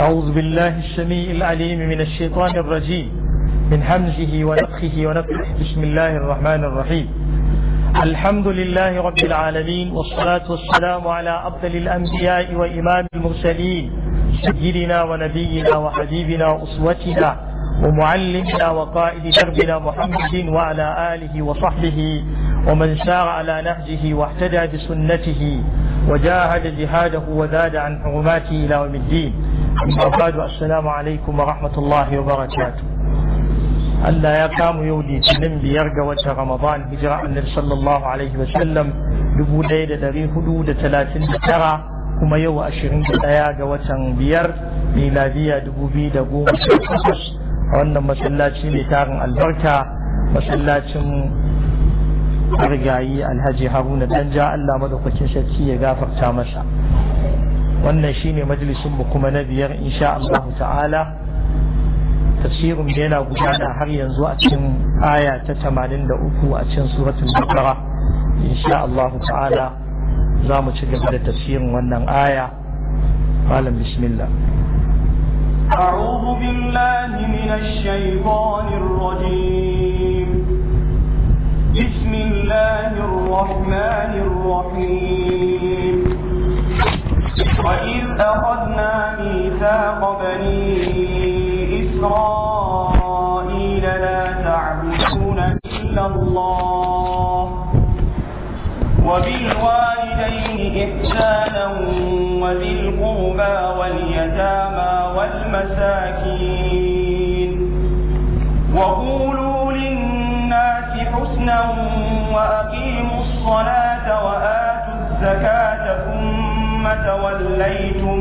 أعوذ بالله السميع العليم من الشيطان الرجيم من حمزه ونفخه ونفخه بسم الله الرحمن الرحيم الحمد لله رب العالمين والصلاة والسلام على أفضل الأنبياء وإمام المرسلين سيدنا ونبينا وحبيبنا وأسوتنا ومعلمنا وقائد دربنا محمد وعلى آله وصحبه ومن سار على نهجه واهتدى بسنته وجاهد جهاده وزاد عن حرماته إلى يوم الدين amma ba'du assalamu alaikum wa rahmatullahi wa barakatuh Allah ya kamu yau litinin biyar ga watan Ramadan hijira annabi sallallahu alaihi wa sallam dubu ɗaya da ɗari hudu da talatin da tara kuma yau ashirin da ɗaya ga watan biyar miladiya dubu biyu da goma sha takwas a wannan masallaci mai tarin albarka masallacin rigayi alhaji haruna danja Allah madaukakin sarki ya gafarta masa wannan shine majalisun mu kuma na biyar insha Allah ta'ala tafsirin da yana gudana har yanzu a cikin aya ta 83 a cikin suratul baqara insha Allah ta'ala za mu ci gaba da tafsirin wannan aya malam bismillah أعوذ بالله من الشيطان الرجيم بسم الله الرحمن الرحيم وإذ أخذنا ميثاق بني إسرائيل لا تعبدون إلا الله وبالوالدين إحسانا وذي القربى واليتامى والمساكين وقولوا للناس حسنا وأقيموا الصلاة وآتوا الزكاة ثم توليتم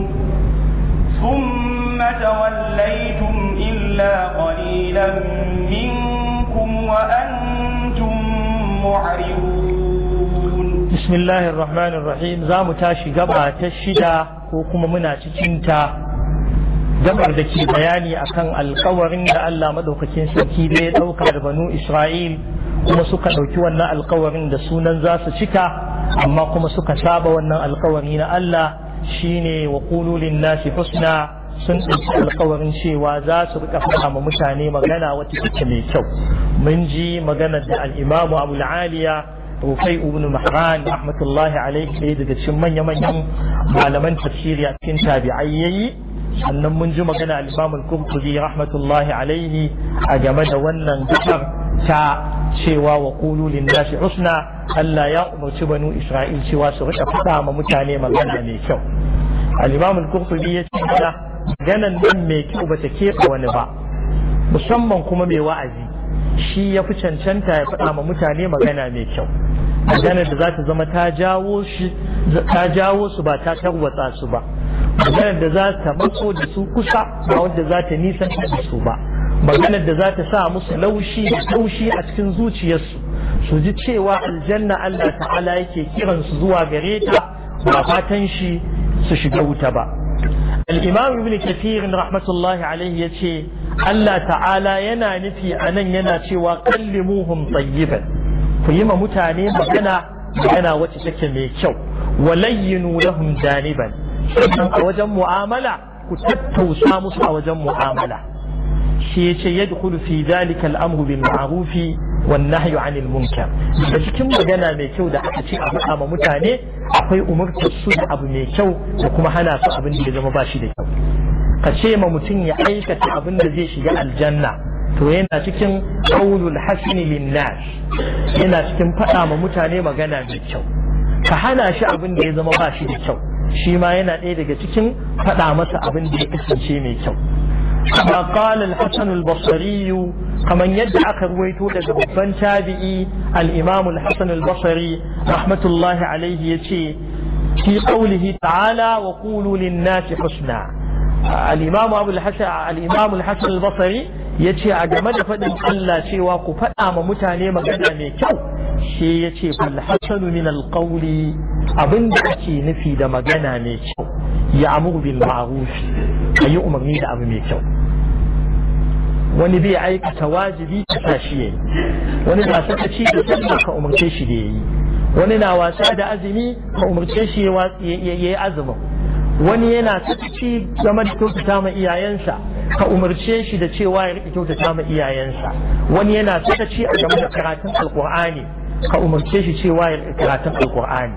ثم توليتم إلا قليلا منكم وأنتم معرضون بسم الله الرحمن الرحيم زام تاشي قبعة منا تشنتا gabar da ke bayani akan alkawarin da Allah madaukakin sarki da ya dauka da banu Isra'il kuma suka dauki wannan alkawarin da sunan za su cika amma kuma suka saba wannan alkawari na Allah shine wa qulu lin husna sun ɗauki alkawarin cewa za su riƙa faɗa ma mutane magana wata take mai kyau mun ji maganar da al-imamu Abu al-Aliya Rufai ibn Mahran rahmatullahi alaihi daga cikin manya-manyan malaman tafsiri a cikin tabi'ai yayi sannan mun ji magana al-Imam rahmatullahi alaihi a game da wannan gabar ta cewa wa qulu lin husna Allah ya umarci banu Isra'il cewa su rika faɗa ma mutane magana mai kyau A imam al ya ce ganan nan mai kyau bata keɓe wani ba musamman kuma mai wa'azi shi ya fi cancanta ya faɗa ma mutane magana mai kyau magana da za ta zama ta jawo su ba ta tarwatsa su ba maganar da za ta matso da su kusa ba wanda za ta nisan da su ba maganar da za ta sa musu laushi da laushi a cikin zuciyarsu su ji cewa aljanna Allah ta'ala yake kiran su zuwa gare ta ba fatan shi su shiga wuta ba al-imam ibn kathir rahmatullahi alaihi yace Allah ta'ala yana nufi a nan yana cewa kallimuhum tayyiban ku yi ma mutane magana magana wacce take mai kyau walayyinu lahum janiban sannan a wajen mu'amala ku tattausa musu a wajen mu'amala shi ce yadkhulu fi dhalika al-amru bil ma'ruf wan nahyu 'anil munkar da cikin magana mai kyau da aka ce a faɗa ma mutane akwai umurtar su da abu mai kyau da kuma hana su abin da ya zama shi da kyau ka ce ma mutum ya aikata abin da zai shiga aljanna to yana cikin qaulul hasni linnas yana cikin faɗa ma mutane magana mai kyau ka hana shi abin da ya zama ba shi da kyau shi ma yana ɗaya daga cikin faɗa masa abin da ya kasance mai kyau kama qala al-hasan al-basri kaman yadda aka ruwaito daga babban tabi'i al-imam al-hasan al-basri rahmatullahi alayhi yace fi qawlihi ta'ala wa qulu lin-nasi husna al-imamu abu al-imamu al-hasan al-basri ya ce a game da faɗin Allah cewa ku faɗa ma mutane magana mai kyau shi ya ce falhassanu min alƙauli abin da ake nufi da magana mai kyau ya amur bil ma'ruf yi umarni da abu mai kyau wani bai aikata wajibi ta tashi yayi wani na saka ci da sallah ka umarce shi da yayi wani na wasa da azumi ka umarce shi ya yi azumin wani yana ci game da kyautata ma iyayensa ka umarce shi da cewa ya riƙe kyautata ma iyayensa wani yana ci a game da karatun alkur'ani ka umarce shi cewa ya riƙe karatun alƙur'ani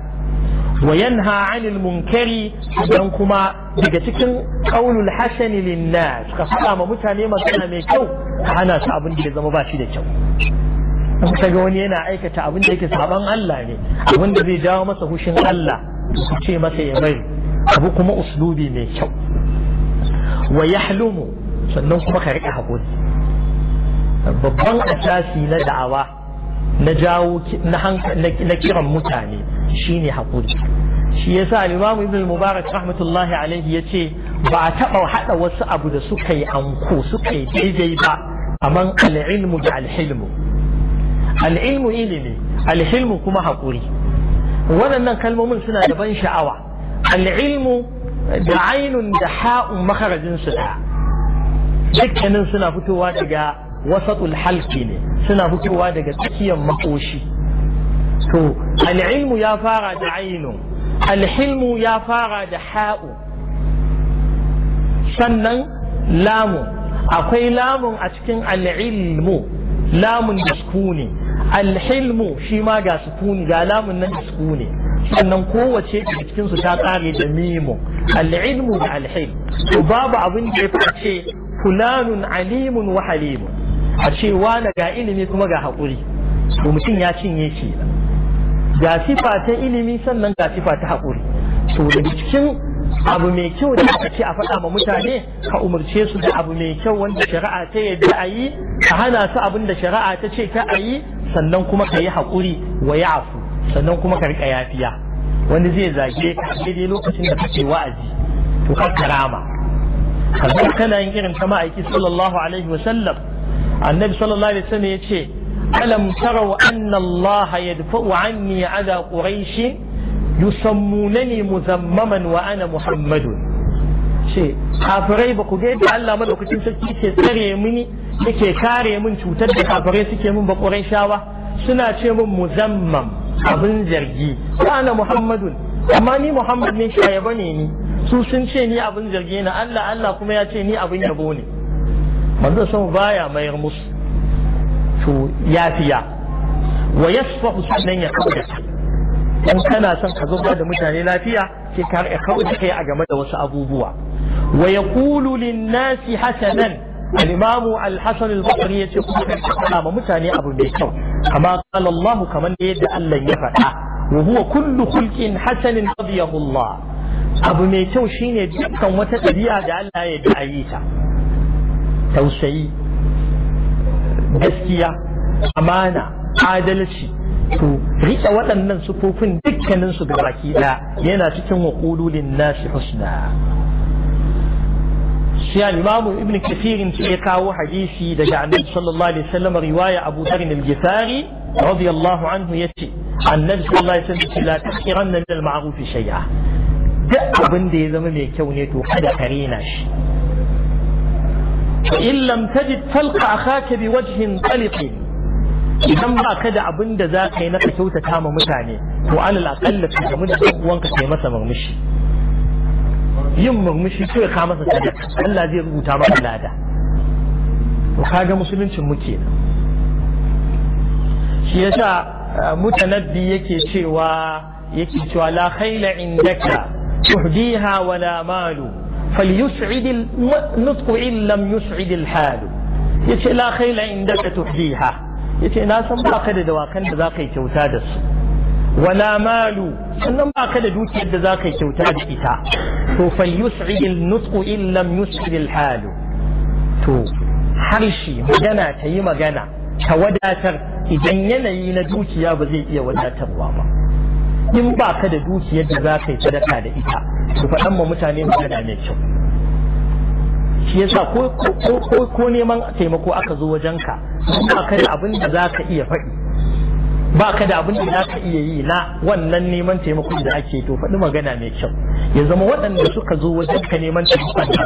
wa yanha anil munkari dan kuma daga cikin qaulul hasani linnas ka faɗa ma mutane magana mai kyau ka hana su abin da ya zama ba shi da kyau in ga wani yana aikata abin da yake saban Allah ne abin da zai jawo masa hushin Allah ce masa ya bari abu kuma uslubi mai kyau wa sannan kuma ka riƙe haƙuri babban asasi na da'awa na jawo na kiran mutane shine haƙuri shi yasa sa imam Ibn Mubarak rahmatullahi alaihi ce ba a taɓa haɗa wasu abu da suka yi anko suka yi daidai ba aman al da alhilmu al'ilmu ilimi al kuma haƙuri waɗannan kalmomin suna da ban sha'awa al'ilmu da ainun da ha'un makarajin su da dukkanin suna fitowa daga wasatul halki ne suna fitowa daga tsakiyar makoshi to al'ilmu ya fara da ainun alhilmu ya fara da ha'u sannan lamu akwai lamun a cikin al'ilmu lamun da sukuni alhilmu shi ma ga sukuni ga lamun nan da sukuni sannan kowace daga cikin su ta kare da mimu al'ilmu da alhil to babu abin da ya fice fulanun alimun wa halimun a cewa na ga ilimi kuma ga haƙuri to mutum ya cinye shi ga sifa ta ilimi sannan ga sifa ta haƙuri to daga cikin abu mai kyau da aka ce a faɗa ma mutane ka umarce su da abu mai kyau wanda shari'a ta yadda a yi ka hana su abin da shari'a ta ce ka a yi sannan kuma ka yi haƙuri wa ya afu sannan kuma ka rika yafiya wani zai zage ka daidai lokacin da kake wa'azi to ka karama kamar kana yin irin ta ma'aiki sallallahu alaihi wa sallam annabi sallallahu alaihi wa sallam yace alam tarau anna allaha yadfa'u anni ala quraish yusammunani muzammaman wa ana muhammadun ce kafirai ba ku ga yadda Allah madaukakin sarki ke tsare mini yake kare min cutar da kafirai suke min ba shawa suna ce min muzammam abin zargi ana muhammadun amma ni muhammad ne shayaba ne ni su sun ce ni abin zargi na Allah Allah kuma ya ce ni abin yabo ne manzo san baya mayar musu to yafiya wa yasfahu sunan ya kauda in kana son ka zuba da mutane lafiya sai ka ya kauda kai a game da wasu abubuwa wa yaqulu lin-nasi hasanan al-imamu al-hasan al-basri yace kuma ka faɗa ma mutane abu mai kyau kama qala Allah kaman da yadda Allah ya faɗa wa huwa kullu khulqin hasanin radiyahu abu mai kyau shine dukkan wata ɗabi'a da Allah ya da'ayi ta tausayi gaskiya amana adalci to riƙe waɗannan sufofin dukkaninsu da baki ɗaya yana cikin wa nashi husna sai al-imamu ibn kathir sai ya kawo hadisi daga annabi sallallahu alaihi wasallam riwaya abu dharr al-ghifari anhu yace annabi sallallahu alaihi wasallam la taqiranna min al-ma'ruf shay'a duk abin da ya zama mai kyau ne to kada ka rena shi fa in lam tajid falqa akhaka bi wajhin taliq idan ba ka da abin da za ka yi na ka kyautata ma mutane to alal aqalla ka gamu da uwanka masa murmushi يمه مش يسوي خامسة تريد الله زي ربو تابع الله دا وكاقة مسلم شو مكينا متنبي يكي شوى يكي شوى لا خيل عندك تهديها ولا مال فليسعد النطق إن لم يسعد الحال يكي لا خيل عندك تهديها يكي ناسا مباقر دواقن بذاقي توتادس wala malu sannan ba ka da dukiyar da za ka kyauta da ita to fal yus'id nutqu in lam yus'id al to harshe magana ta yi magana ta wadatar idan yanayi na dukiya ba zai iya wadatarwa ba in ba ka da dukiyar da za ka yi sadaka da ita to faɗan ma mutane magana mai kyau shi yasa ko neman taimako aka zo wajenka ba ka da abin da za ka iya faɗi ba ka da abin da za ka iya yi na wannan neman taimakon da ake to faɗi magana mai kyau ya zama waɗanda suka zo wajen ka neman taimakon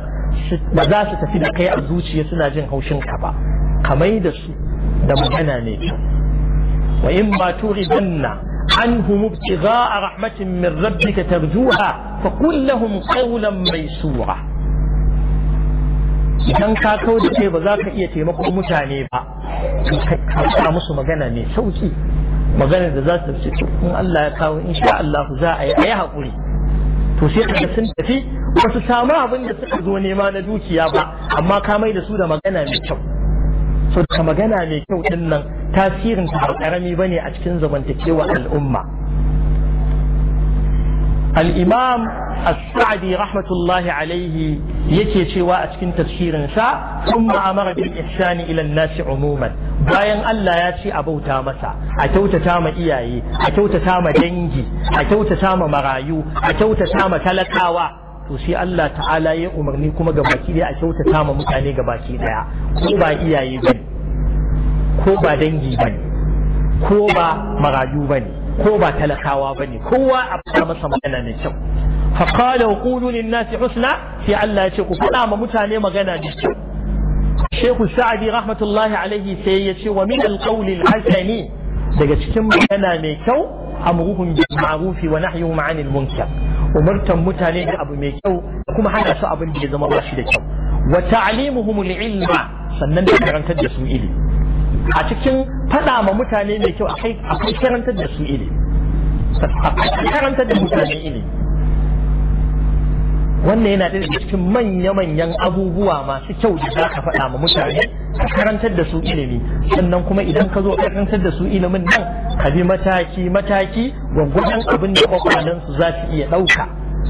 ba za su tafi da kai a zuciya suna jin haushin ka ba kamai da su da magana mai kyau wa in ba turi danna عنهم a رحمة من ربك ترجوها فقل لهم قولا ميسورا idan ka kawo da kai ba za ka iya taimakon mutane ba ka musu magana mai sauki maganar da za su ce in Allah ya kawo sha Allah za a yi a yi haƙuri to sai kaga sun tafi ba su samu abin da suka zo nema na dukiya ba amma ka mai da su da magana mai kyau so da magana mai kyau din nan tasirin ta ba karami bane a cikin zamantakewa al'umma الإمام السعدي رحمة الله عليه a cikin أتكن تفسير سا ثم أمر بالإحسان إلى الناس عموما bayan Allah ya ce a bauta masa a kyautata ma iyaye a kyautata ma dangi a kyautata ma marayu a kyautata ma talakawa to sai Allah ta'ala ya umarni kuma ga baki daya a kyautata ma mutane gabaki baki daya ko ba iyaye bane ko ba dangi bane ko ba marayu bane ko ba talakawa ba ne kowa a fara masa magana mai kyau faƙala wa ƙulu nasi husna sai Allah ya ce ku faɗa ma mutane magana da kyau Shehu Sa'adi rahmatullahi alaihi sai ya ce wa min alqawli alhasani daga cikin magana mai kyau amruhum bil ma'ruf wa nahyuhum 'anil munkar umartan mutane da abu mai kyau kuma hana su abin da ya zama ba shi da kyau wa ta'limuhum al-ilma sannan da karantar da su ilimi a cikin faɗa ma mutane mai kyau akwai karantar da su ile karantar da mutane ilimi wannan yana da cikin manya-manyan abubuwa masu kyau da za ka faɗa ma mutane ka karantar da su ilimi sannan kuma idan ka zo karantar da su ilimin nan ka bi mataki-mataki gwaggwajen abin da su za su iya ɗauka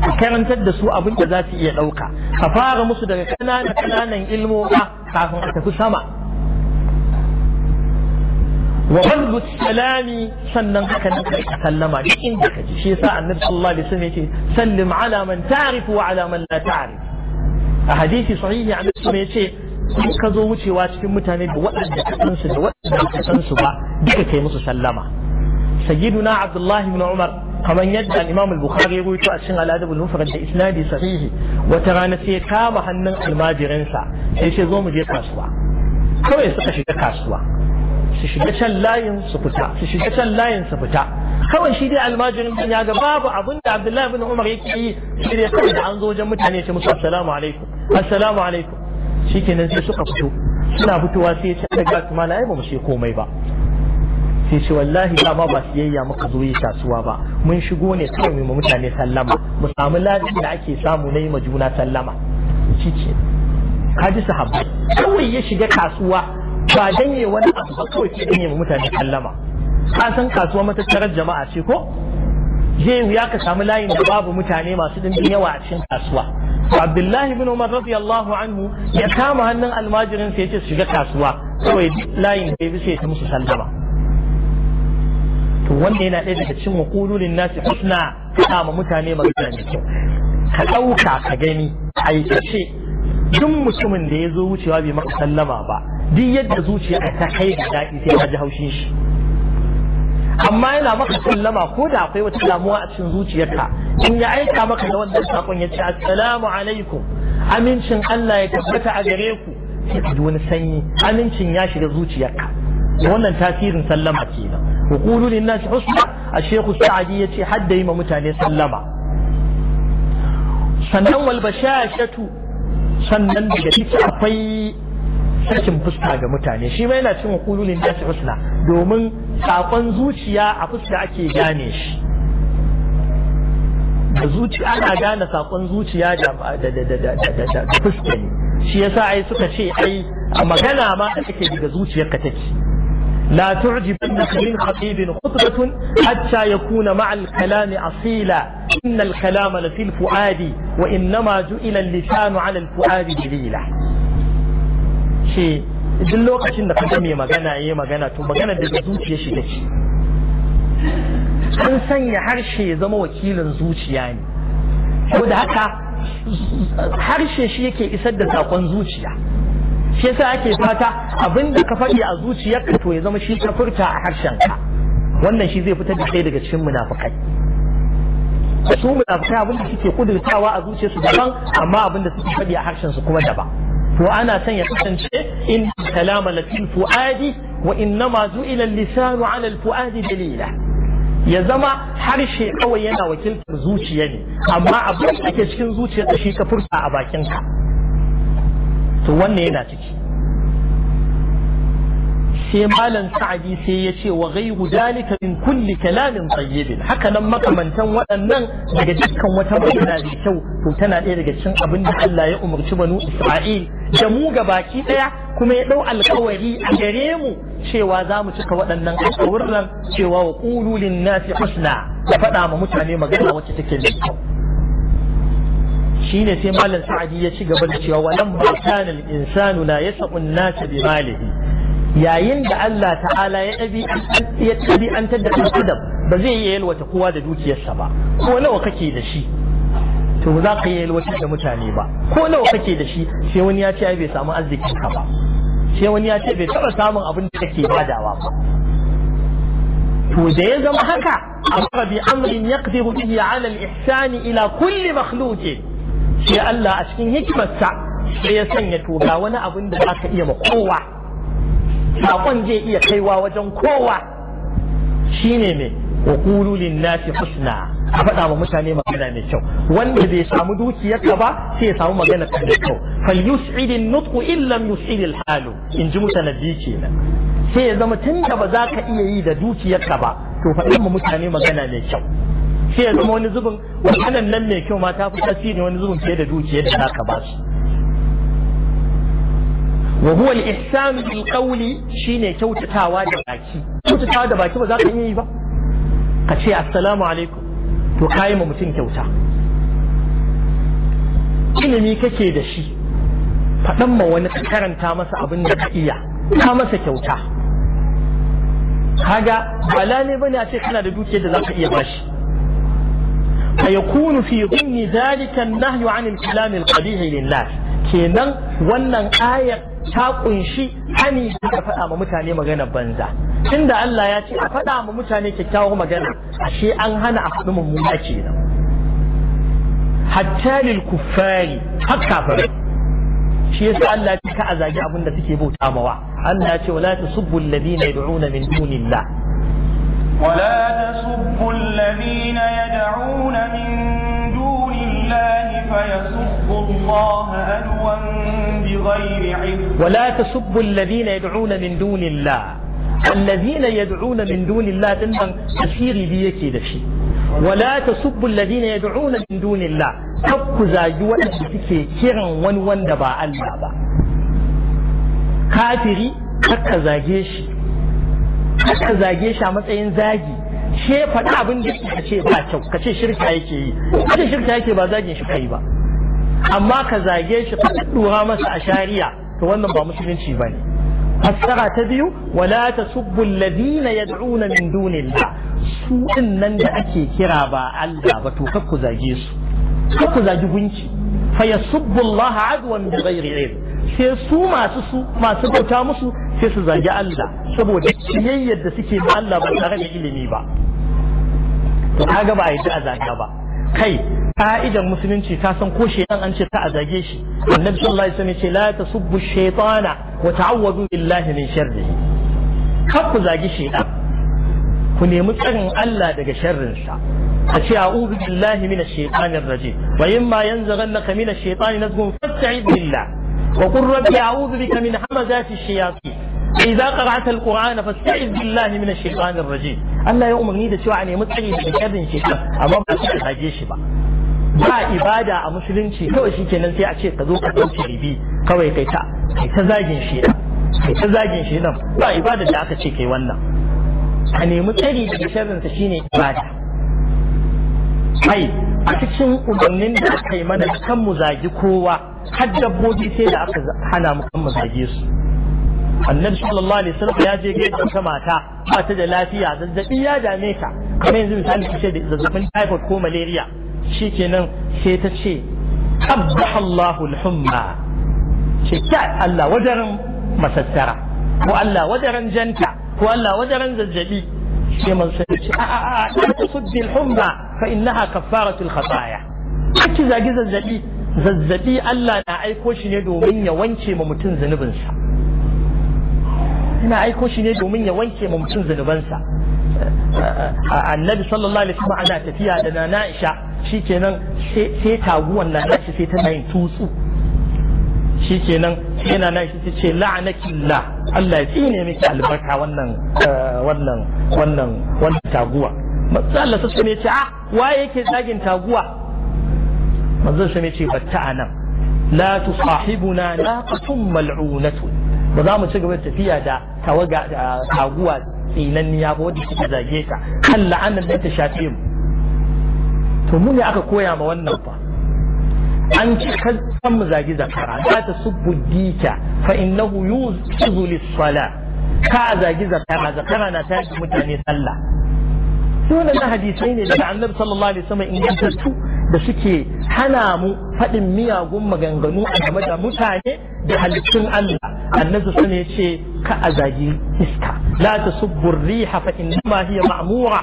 a karantar da su abin da za su iya ɗauka Ka fara musu daga ƙananan ƙananan ilmoka kafin a tafi sama wa bazbu salami sannan haka nan sallama duk inda kaji shi yasa annabi sallallahu alaihi wasallam yace sallim ala man ta'rifu wa ala man la ta'rif a hadisi sahihi annabi sallallahu yace in ka zo wucewa cikin mutane da waɗanda ka san su da waɗanda ka san su ba duka kai musu sallama sayyiduna abdullahi ibn umar kaman yadda imam al-bukhari ya rawaito a cikin al-adab al-mufrad da isnadi sahihi wata rana sai kama hannun almajirinsa sai sai zo mu je kasuwa kawai suka shiga kasuwa su shiga can layin su fita su shiga can layin su fita kawai shi dai almajirin bin ya ga babu abin da abdullahi bin umar yake yi shi dai kawai da an zo wajen mutane ce musu assalamu alaikum assalamu alaikum shikenan sai suka fito suna fitowa sai ya ce daga su malai ba mu ce komai ba sai ce wallahi dama ba siyayya muka zo yi kasuwa ba mun shigo ne kawai mu mutane sallama mu samu ladin da ake samu na yi ma juna sallama shi ce kaji sahabbai kawai ya shiga kasuwa ba dan yi wani abu ba kawai sai dan wa mutane kallama. ka san kasuwa matattarar jama'a ce ko zai wuya ka samu layin da babu mutane masu dimbin yawa a cikin kasuwa Abdullahi bin Umar radiyallahu anhu ya kama hannun almajirin sai ya ce shiga kasuwa kawai layin da ya sai ta musu sallama to wanda yana ɗaya daga cin wakululin nasi husna ka ma mutane magana da kyau ka ɗauka ka gani aikace duk mutumin da ya zo wucewa bai maka sallama ba duk yadda zuciya ta kai da daɗi sai ka ji haushin shi amma yana maka sallama ko da akwai wata damuwa a cikin zuciyarka in ya aika maka da wannan sakon ya ce assalamu alaikum amincin Allah ya tabbata a gare ku sai ka ji wani sanyi amincin ya shiga zuciyarka wannan tasirin sallama kenan wa qulu lin nas husna ash-shaykh as-sa'di yace hadda yi ma mutane sallama sannan wal shatu sannan daga ciki akwai sakin fuska ga mutane shi ma yana cin hukululin nasi husna domin sakon zuciya a fuska ake gane shi da zuciya ana gane sakon zuciya da da da da fuska ne shi yasa ai suka ce ai magana ma da take daga zuciyar ka take لا تعجبنك من خطيب خطبة حتى يكون مع الكلام أصيلا إن الكلام لفي الفؤاد وإنما جئل اللسان على الفؤاد دليلا ce duk lokacin da ka mai magana ya magana to magana daga zuciya shi take sun sanya harshe ya zama wakilin zuciya ne ko da haka harshe shi yake isar da sakon zuciya shi yasa ake fata abinda ka faɗi a zuciyarka to ya zama shi ka furta a harshenka wannan shi zai fitar da kai daga cikin munafukai su munafukai abinda suke kudurtawa a zuciyarsu daban amma abinda suke faɗi a harshen su kuma daban to ana son ya kasance in kalama latin fu'adi wa innama zu'ila lisanu ala fu'adi dalila ya zama harshe kawai yana wakiltar zuciya ne amma abin ake cikin zuciyar da shi ka furta a bakinka to wannan yana ciki sai malam sa'adi sai ya ce wa ghairu dalika min kulli kalamin tayyibin haka nan makamantan waɗannan daga dukkan wata magana da kyau to tana ɗaya daga cikin abin da Allah ya umarci banu Isra'il da mu ga baki ɗaya kuma ya ɗau alkawari a gare mu cewa za mu cika waɗannan alkawurran cewa wa qulu lin-nasi husna ya faɗa ma mutane magana wacce take da kyau shine sai malam sa'adi ya ci gaba da cewa walam ma kana al-insanu la yasqu an-nasa bi malihi yayin da Allah ta'ala ya ɗabi'antar da ɗan adam ba zai iya yalwata kowa da dukiyarsa ba ko nawa kake da shi to ba za ka yi yalwatar da mutane ba ko nawa kake da shi sai wani ya ce ai bai samu arzikin ka ba sai wani ya ce bai taɓa samun abin da kake badawa ba to da ya zama haka amma bi amrin yaqdiru bihi ala al-ihsan ila kulli makhluqin sai Allah a cikin hikimarsa sai ya sanya to ga wani abin da za ka iya ma kowa saƙon zai iya kaiwa wajen kowa shine ne wa qulu nasi husna a faɗa wa mutane magana mai kyau wanda bai samu dukiyarka ba sai ya samu magana mai kyau fal yus'idin nutqu illam yus'idil halu in ji mutanaddi kenan sai ya zama tun ba za ka iya yi da dukiyarka ba to faɗa mu mutane magana mai kyau sai ya zama wani zubin wahanan nan mai kyau ma ta fi tasiri wani zubin fiye da dukiyar da za ka ba su wa huwa al-ihsan bil qawli shine kyautatawa da baki kyautatawa da baki ba za ka yi ba ka ce assalamu alaikum to kai ma mutum kyauta ilimi kake da shi faɗan ma wani ka karanta masa abin da ka iya ka masa kyauta kaga bala ne bane a ce kana da dukiyar da za ka iya bashi فيكون في ضمن ذلك النهي عن الكلام القبيح للناس kenan wannan ayar ta kunshi hani da faɗa ma mutane magana banza tunda Allah ya ce a faɗa ma mutane kyakkyawar magana ashe an hana a faɗi mummuna kenan hatta lil kuffari hakka shi yasa Allah ya ce ka a zagi abin da suke bauta mawa Allah ya ce wala tasubbu alladhina yad'una min dunillah ولا تسبوا الذين يدعون من الله فيسبوا الله ألوا بغير علم ولا تسبوا الذين يدعون من دون الله الذين يدعون من دون الله تنبغ تفسيري بيكي دشي ولا تسبوا الذين يدعون من دون الله تبكوا زاجوا تكي كيرن وان وان دبا الله با كافري تبكوا زاجيش تبكوا زاجيش عمس اين زاجي she faɗi abin da ka ce ba kyau ka ce shirka yake yi ka ce shirka yake ba zagin shi kai ba amma ka zage shi ka dura masa a shari'a to wannan ba musulunci ba ne fassara ta biyu wala tasubbu alladhina yad'una min dunillah su din nan da ake kira ba Allah ba to kar ku zage su kar ku zagi gunki fa yasubbu Allah adwan bi ghairi ilm sai su masu su masu bauta musu sai su zagi Allah saboda kiyayyar da suke ba Allah ba tare da ilimi ba to kaga ba a yi a zaga ba kai ka'idar musulunci ta san ko shaitan an ce ta a zage shi annabi sallallahu alaihi wasallam ce la tasubbu shaytana wa ta'awwadu billahi min sharrihi kar ku zagi shaitan ku nemi tsarin Allah daga sa a ce a'udhu billahi minash shaitanir rajim wa imma yanzaghannaka minash shaitani nazghun fasta'id billah wa qur rabbi a'udhu bika min hamazati shayatin idza qara'ta alqur'ana fasta'iz billahi minash shaitanir rajim Allah ya umarni da cewa a nemi tsari daga sharrin shaitan amma ba ka zage shi ba ba ibada a musulunci kawai shikenan sai a ce ka zo ka dauki ribi kawai kai ta zagin shaitan kai ta zagin shaitan ba ibada da aka ce kai wannan a nemi tsari daga sharrin sa shine ibada kai a cikin umarnin da aka yi mana kan mu zagi kowa har dabbobi sai da aka hana mu kan mu zage su annabi sallallahu alaihi wasallam ya je gaida wata mata ba ta da lafiya zazzabi ya dame ta kamar yanzu misali ta ce zazzabin typhoid ko malaria shikenan sai ta ce qabbaha Allahu al-humma ce ta Allah wadaran masassara ko Allah wadaran janta ko Allah wadaran zazzabi sai man sai ce a a a tusdi al-humma fa innaha kaffaratu al-khataya kake zagi zazzabi zazzabi Allah na aiko shi ne domin ya wanke ma mutum zunubinsa na aiko shi ne domin ya wanke ma mutum zunubansa annabi sallallahu alaihi wasallam ana tafiya da na na'isha shikenan sai taguwan na nashi sai tana yin tutsu shikenan sai nana nashi ta ce la'anakillah Allah ya tsine miki albarka wannan eh, wannan wannan wannan taguwa manzo Allah sai ne ce a ah, waye yake zagin taguwa manzo sai ne ce batta anan la tusahibuna naqatun mal'unatun ba za mu ci gaba tafiya da tawaga taguwa tsinanniya ba wadda suka zage ta kan la'anar da ta shafe mu to mu ne aka koya ma wannan fa an ci kan mu zagi zakara za ta subbu dika fa innahu yuzu lis-sala ka zagi zakara zakara na tashi mutane sallah dole na hadisai ne daga annabi sallallahu alaihi wasallam ingantattu da suke hana mu faɗin miyagun maganganu a game da mutane da halittun Allah annabi sun ya ce ka a zagi iska la ta subbur riha fa innama hiya ma'mura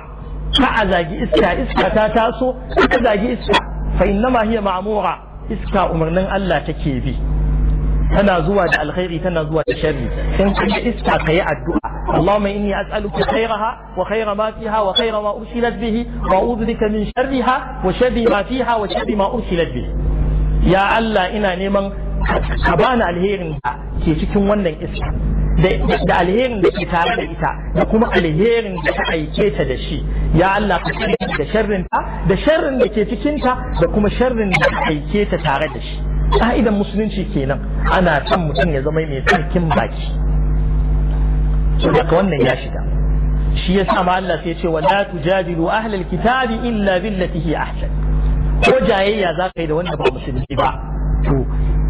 ka a zagi iska iska ta taso ka zagi iska fa innama hiya ma'mura iska umarnin Allah take bi tana zuwa da alkhairi tana zuwa da sharri in kuma iska kayi addu'a Allahumma inni as'aluka khayraha wa khayra ma fiha wa khayra ma ursilat bihi wa a'udhu bika min sharriha wa sharri ma fiha wa sharri ma ursilat bihi ya Allah ina neman ka bani alherin da ke cikin wannan iska da alherin da ke tare da ita da kuma alherin da ka aike ta da shi ya Allah ka tsare da sharrin ta da sharrin da ke cikin ta da kuma sharrin da ka aike ta tare da shi ka'idan musulunci kenan ana son mutum ya zama mai tsarkin baki so daga wannan ya shiga shi ya sa ma Allah sai ce wala tujadilu ahlal kitabi illa billati hi ahsan ko jayayya za ka yi da wanda ba musulmi ba to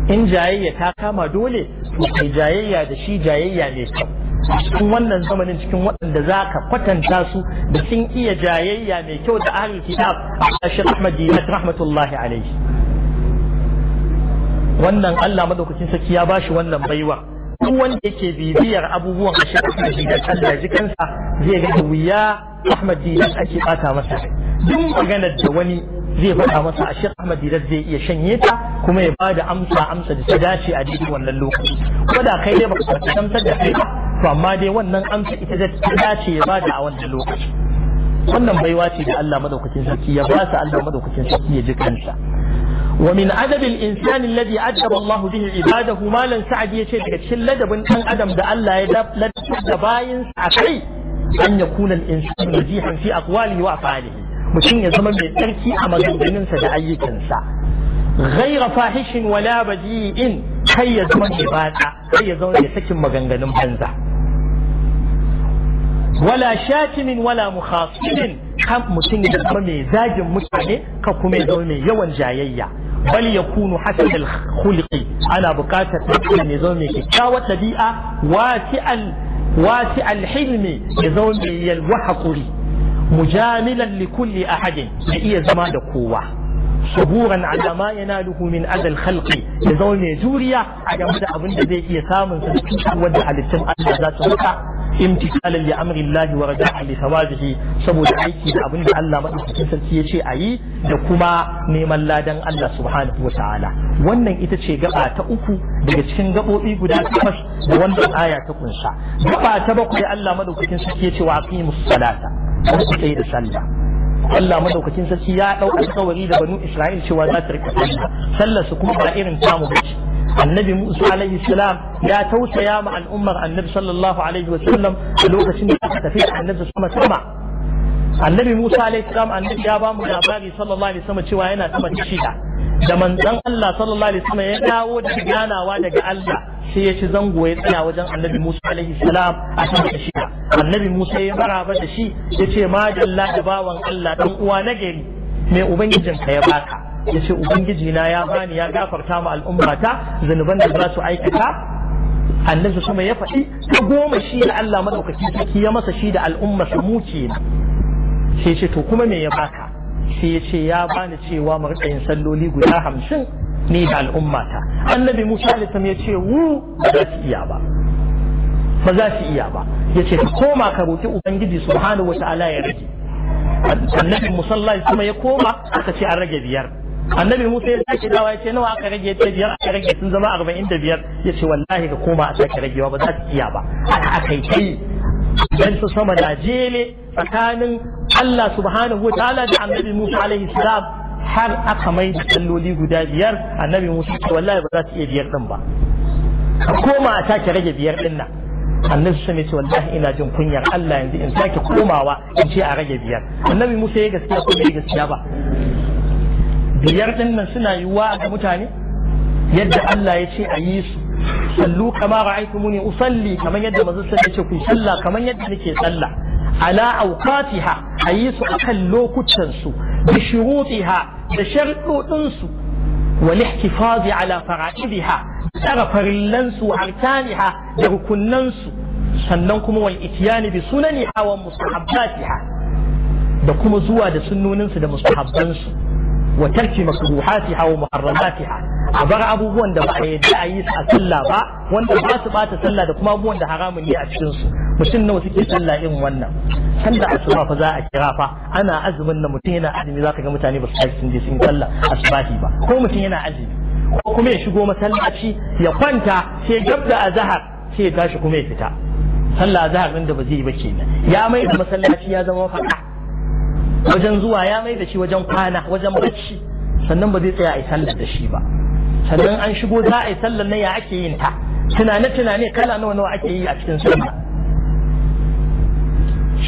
in jayayya ta kama dole to kai jayayya da shi jayayya mai kyau cikin wannan zamanin cikin waɗanda za ka kwatanta su da sun iya jayayya mai kyau da ahlul kitab a shi Ahmad rahmatullahi alaihi wannan Allah madaukakin sakiya ya bashi wannan baiwa duk wanda yake bibiyar abubuwan a shi Ahmad Allah ji kansa zai ga wuya Ahmad ake bata masa duk maganar da wani zai faɗa masa a shek Ahmad zai iya shanye ta kuma ya ba da amsa amsa da ta dace a daidai wannan lokaci ko da kai dai baka ka da kai ba to amma dai wannan amsa ita da ta dace ya ba da a wannan lokaci wannan baiwa ce da Allah madaukakin sarki ya ba sa Allah madaukakin sarki ya ji kansa ومن أدب الإنسان الذي أدب الله به عباده ما لن سعد يشي daga cikin ladabin ɗan adam da Allah ya ladabta da bayin sa kai an yakuna al-insanu wajihan fi aqwalihi a afalihi mutum ya zama mai tsarki a maganganunsa da ayyukansa ghaira fahishin wala badi'in kai ya zama mai batsa kai ya zama mai sakin maganganun banza wala shatimin wala mukhasibin kan mutum ya zama mai zagin mutane ka kuma ya zama mai yawan jayayya bal yakunu hasan khulqi ana bukatar mutum ya zama mai kyakkyawar dabi'a wasi wasi'al hilmi ya zama mai yalwa hakuri mujamilan likulli ahadin ya iya zama da kowa shahuran alama yana duhu azal khalqi ya zama mai juriya a game da abin da zai iya samun sa cikin wanda halittun Allah za su rika imtikalan li amri Allah wa rajaa li thawabihi saboda aiki da abinda da Allah madaukakin sarki yace ayi da kuma neman ladan Allah subhanahu wa ta'ala wannan ita ce gaba ta uku daga cikin gabobi guda takwas da wannan aya ta kunsa gaba bakwai Allah madaukakin sarki yace wa aqimus salata ku da sallah Allah madaukakin sarki ya dau alƙawari da banu Isra'il cewa za ta rika sallah sallar su kuma ba irin tamu bace annabi Musa alaihi salam ya tausaya ma al'ummar annabi sallallahu alaihi wa sallam a lokacin da aka tafi annabi sama sama annabi Musa alaihi salam annabi ya bamu labari sallallahu alaihi wasallam cewa yana sama shida da manzon Allah sallallahu alaihi wasallam ya dawo da ganawa daga Allah sai ya ci zango ya tsaya wajen annabi Musa alaihi salam a sama shida annabi Musa ya maraba da shi ya ce ma dalla da bawan Allah dan uwa na gari mai ka ya baka ya ce ubangiji na ya bani ya gafarta mu al'ummata zunuban da za su aikata annabi sama ya faɗi ta goma shi da Allah madaukaki sarki ya masa shi da al'umma su mu kenan sai ce to kuma me ya baka sai ya ce ya bani cewa mu yin salloli guda hamsin ni da al'ummata annabi musa alaihi ya ce wu ba za su iya ba ba za su iya ba ya ce ka koma ka roki ubangiji subhanahu wa ta'ala ya rage annabi musa kuma ya koma aka ce an rage biyar annabi musa ya sake dawa ya ce nawa aka rage ta biyar aka rage sun zama arba'in da biyar ya ce wallahi ka koma a sake ragewa ba za su iya ba aka yi ta yi dan su sama da jele tsakanin Allah subhanahu wa ta'ala da annabi Musa alaihi salam har aka mai da salloli guda biyar annabi Musa ce wallahi ba za ta iya biyar din ba ka koma a take rage biyar din nan annabi musa ce wallahi ina jin kunyar Allah yanzu in sake komawa in ce a rage biyar annabi Musa ya gaskiya ko bai gaskiya ba biyar din nan suna yiwuwa ga mutane yadda Allah ya ce ayi yi su sallu kama ra'aytumuni usalli kamar yadda manzon sallallahu alaihi wasallam ya ce ku sallah kamar yadda nake sallah ala awqatiha ayi su a kan lokutansu bi da sharuɗin wa lihtifazi ala fara'idiha tsara farillan su arkaniha da rukunansu sannan kuma wal itiyani bi sunaniha wa mustahabbatiha da kuma zuwa da sunnonin da mustahabbansu wa tarki makruhatiha wa muharramatiha a bar abubuwan da ba a yadda a yi su a sallah ba wanda ba su bata sallah da kuma abubuwan da haramun ne a cikin su mutum nawa suke sallah irin wannan sallah asuba fa za a kira fa ana azumin na mutum yana azumi zaka ga mutane ba su tashi sun je sun sallah asubahi ba ko mutum yana azumi ko kuma ya shigo masallaci ya kwanta sai gabda da azhar sai ya tashi kuma ya fita sallah azhar din da ba zai yi ba kenan ya mai da masallaci ya zama fada wajen zuwa ya mai da shi wajen kwana wajen bacci sannan ba zai tsaya a yi da shi ba sannan an shigo za a yi sallar na ya ake yin ta tunane tunane kala nawa nawa ake yi a cikin sunna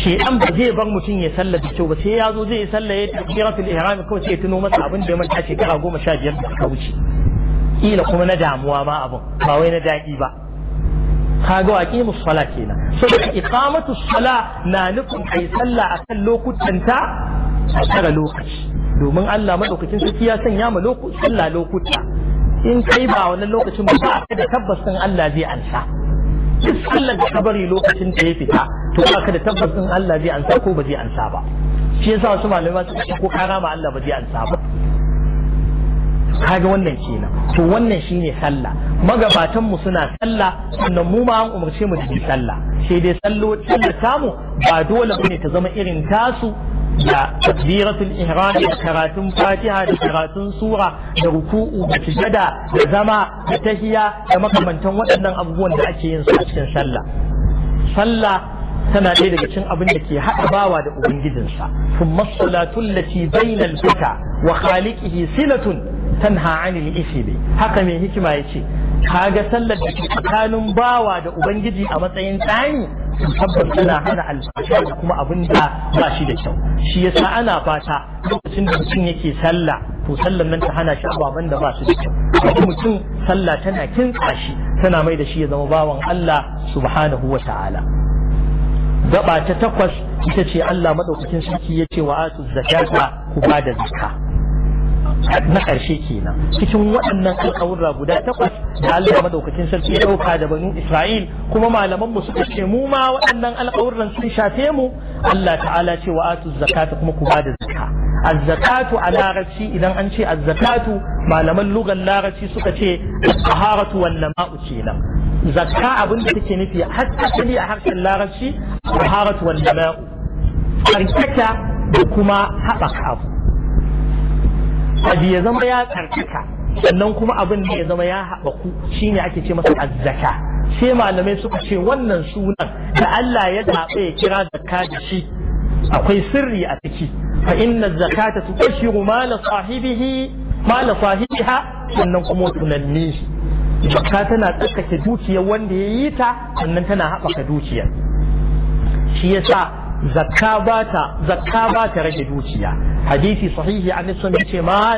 shedan ba zai bar mutum ya sallar da kyau ba sai ya zo zai yi sallar ya tafiya fil ihrami kawai sai tuno masa abin da ya manta shekara goma sha biyar da ta wuce kila kuma na damuwa ma abin ba wai na daɗi ba kaga ga aqimus sala kenan saboda iqamatu sala na nufin ai sallah kan lokutan ta a tsara lokaci domin Allah madaukakin sarki ya sanya ma sallah lokuta in kai ba wani lokacin ba ka da tabbas din Allah zai ansa duk sallar da ka bari lokacin da ya fita to ba ka da tabbas din Allah zai ansa ko ba zai ansa ba shi yasa wasu malamai suka ce ko kara ma Allah ba zai ansa ba kaga wannan kenan to wannan shine sallah magabatan mu suna sallah sannan mu ma an umarce mu da sallah sai dai sallo sallar tamu ba dole bane ta zama irin tasu da takbiratul ihram da karatun fatiha da karatun sura da ruku'u da sujada da zama da tahiya da makamantan waɗannan abubuwan da ake yin su a cikin sallah sallah tana ɗaya daga cikin abin da ke haɗa bawa da ubangijinsa thumma salatul lati bainal fata wa khaliqihi silatun tanha anil ismi haka mai hikima yace kaga sallar da ke tsakanin bawa da ubangiji a matsayin tsani tabbas tana hana alfasha da kuma abin da ba shi da kyau shi yasa ana fata lokacin da mutum yake sallah to sallan nan ta hana shi ababen da ba su da kyau mutum sallah tana kintsa shi tana mai da shi ya zama bawan Allah subhanahu wa ta'ala gaba ta takwas ita ce Allah madaukakin sarki ya ce wa atu zakata ku ba da zakka na ƙarshe kenan cikin waɗannan alƙawurra guda takwas da Allah madaukakin sarki ya ɗauka da banu Isra'il kuma malaman mu suka ce mu ma waɗannan alƙawurran sun shafe mu Allah ta'ala ce wa atu zakata kuma ku bada zakka az-zakatu a larabci idan an ce az-zakatu malaman lugan larabci suka ce taharatu wan nama'u kenan zakka abin da take nufi har asali a harshen larabci taharatu wan nama'u da kuma haɓaka abu abu ya zama ya tsarkaka sannan kuma abin da ya zama ya haɓaku shine ake ce masa azzaka sai malamai suka ce wannan sunan da Allah ya zaɓe ya kira zakka da shi akwai sirri a ciki fa inna zakata tubashiru mala sahibihi mala sahibiha sannan kuma tunanni zakka tana tsarkake dukiyar wanda ya yi ta sannan tana haɓaka dukiyar shi yasa zakka bata zakka rage dukiya hadisi sahihi an sun ce ma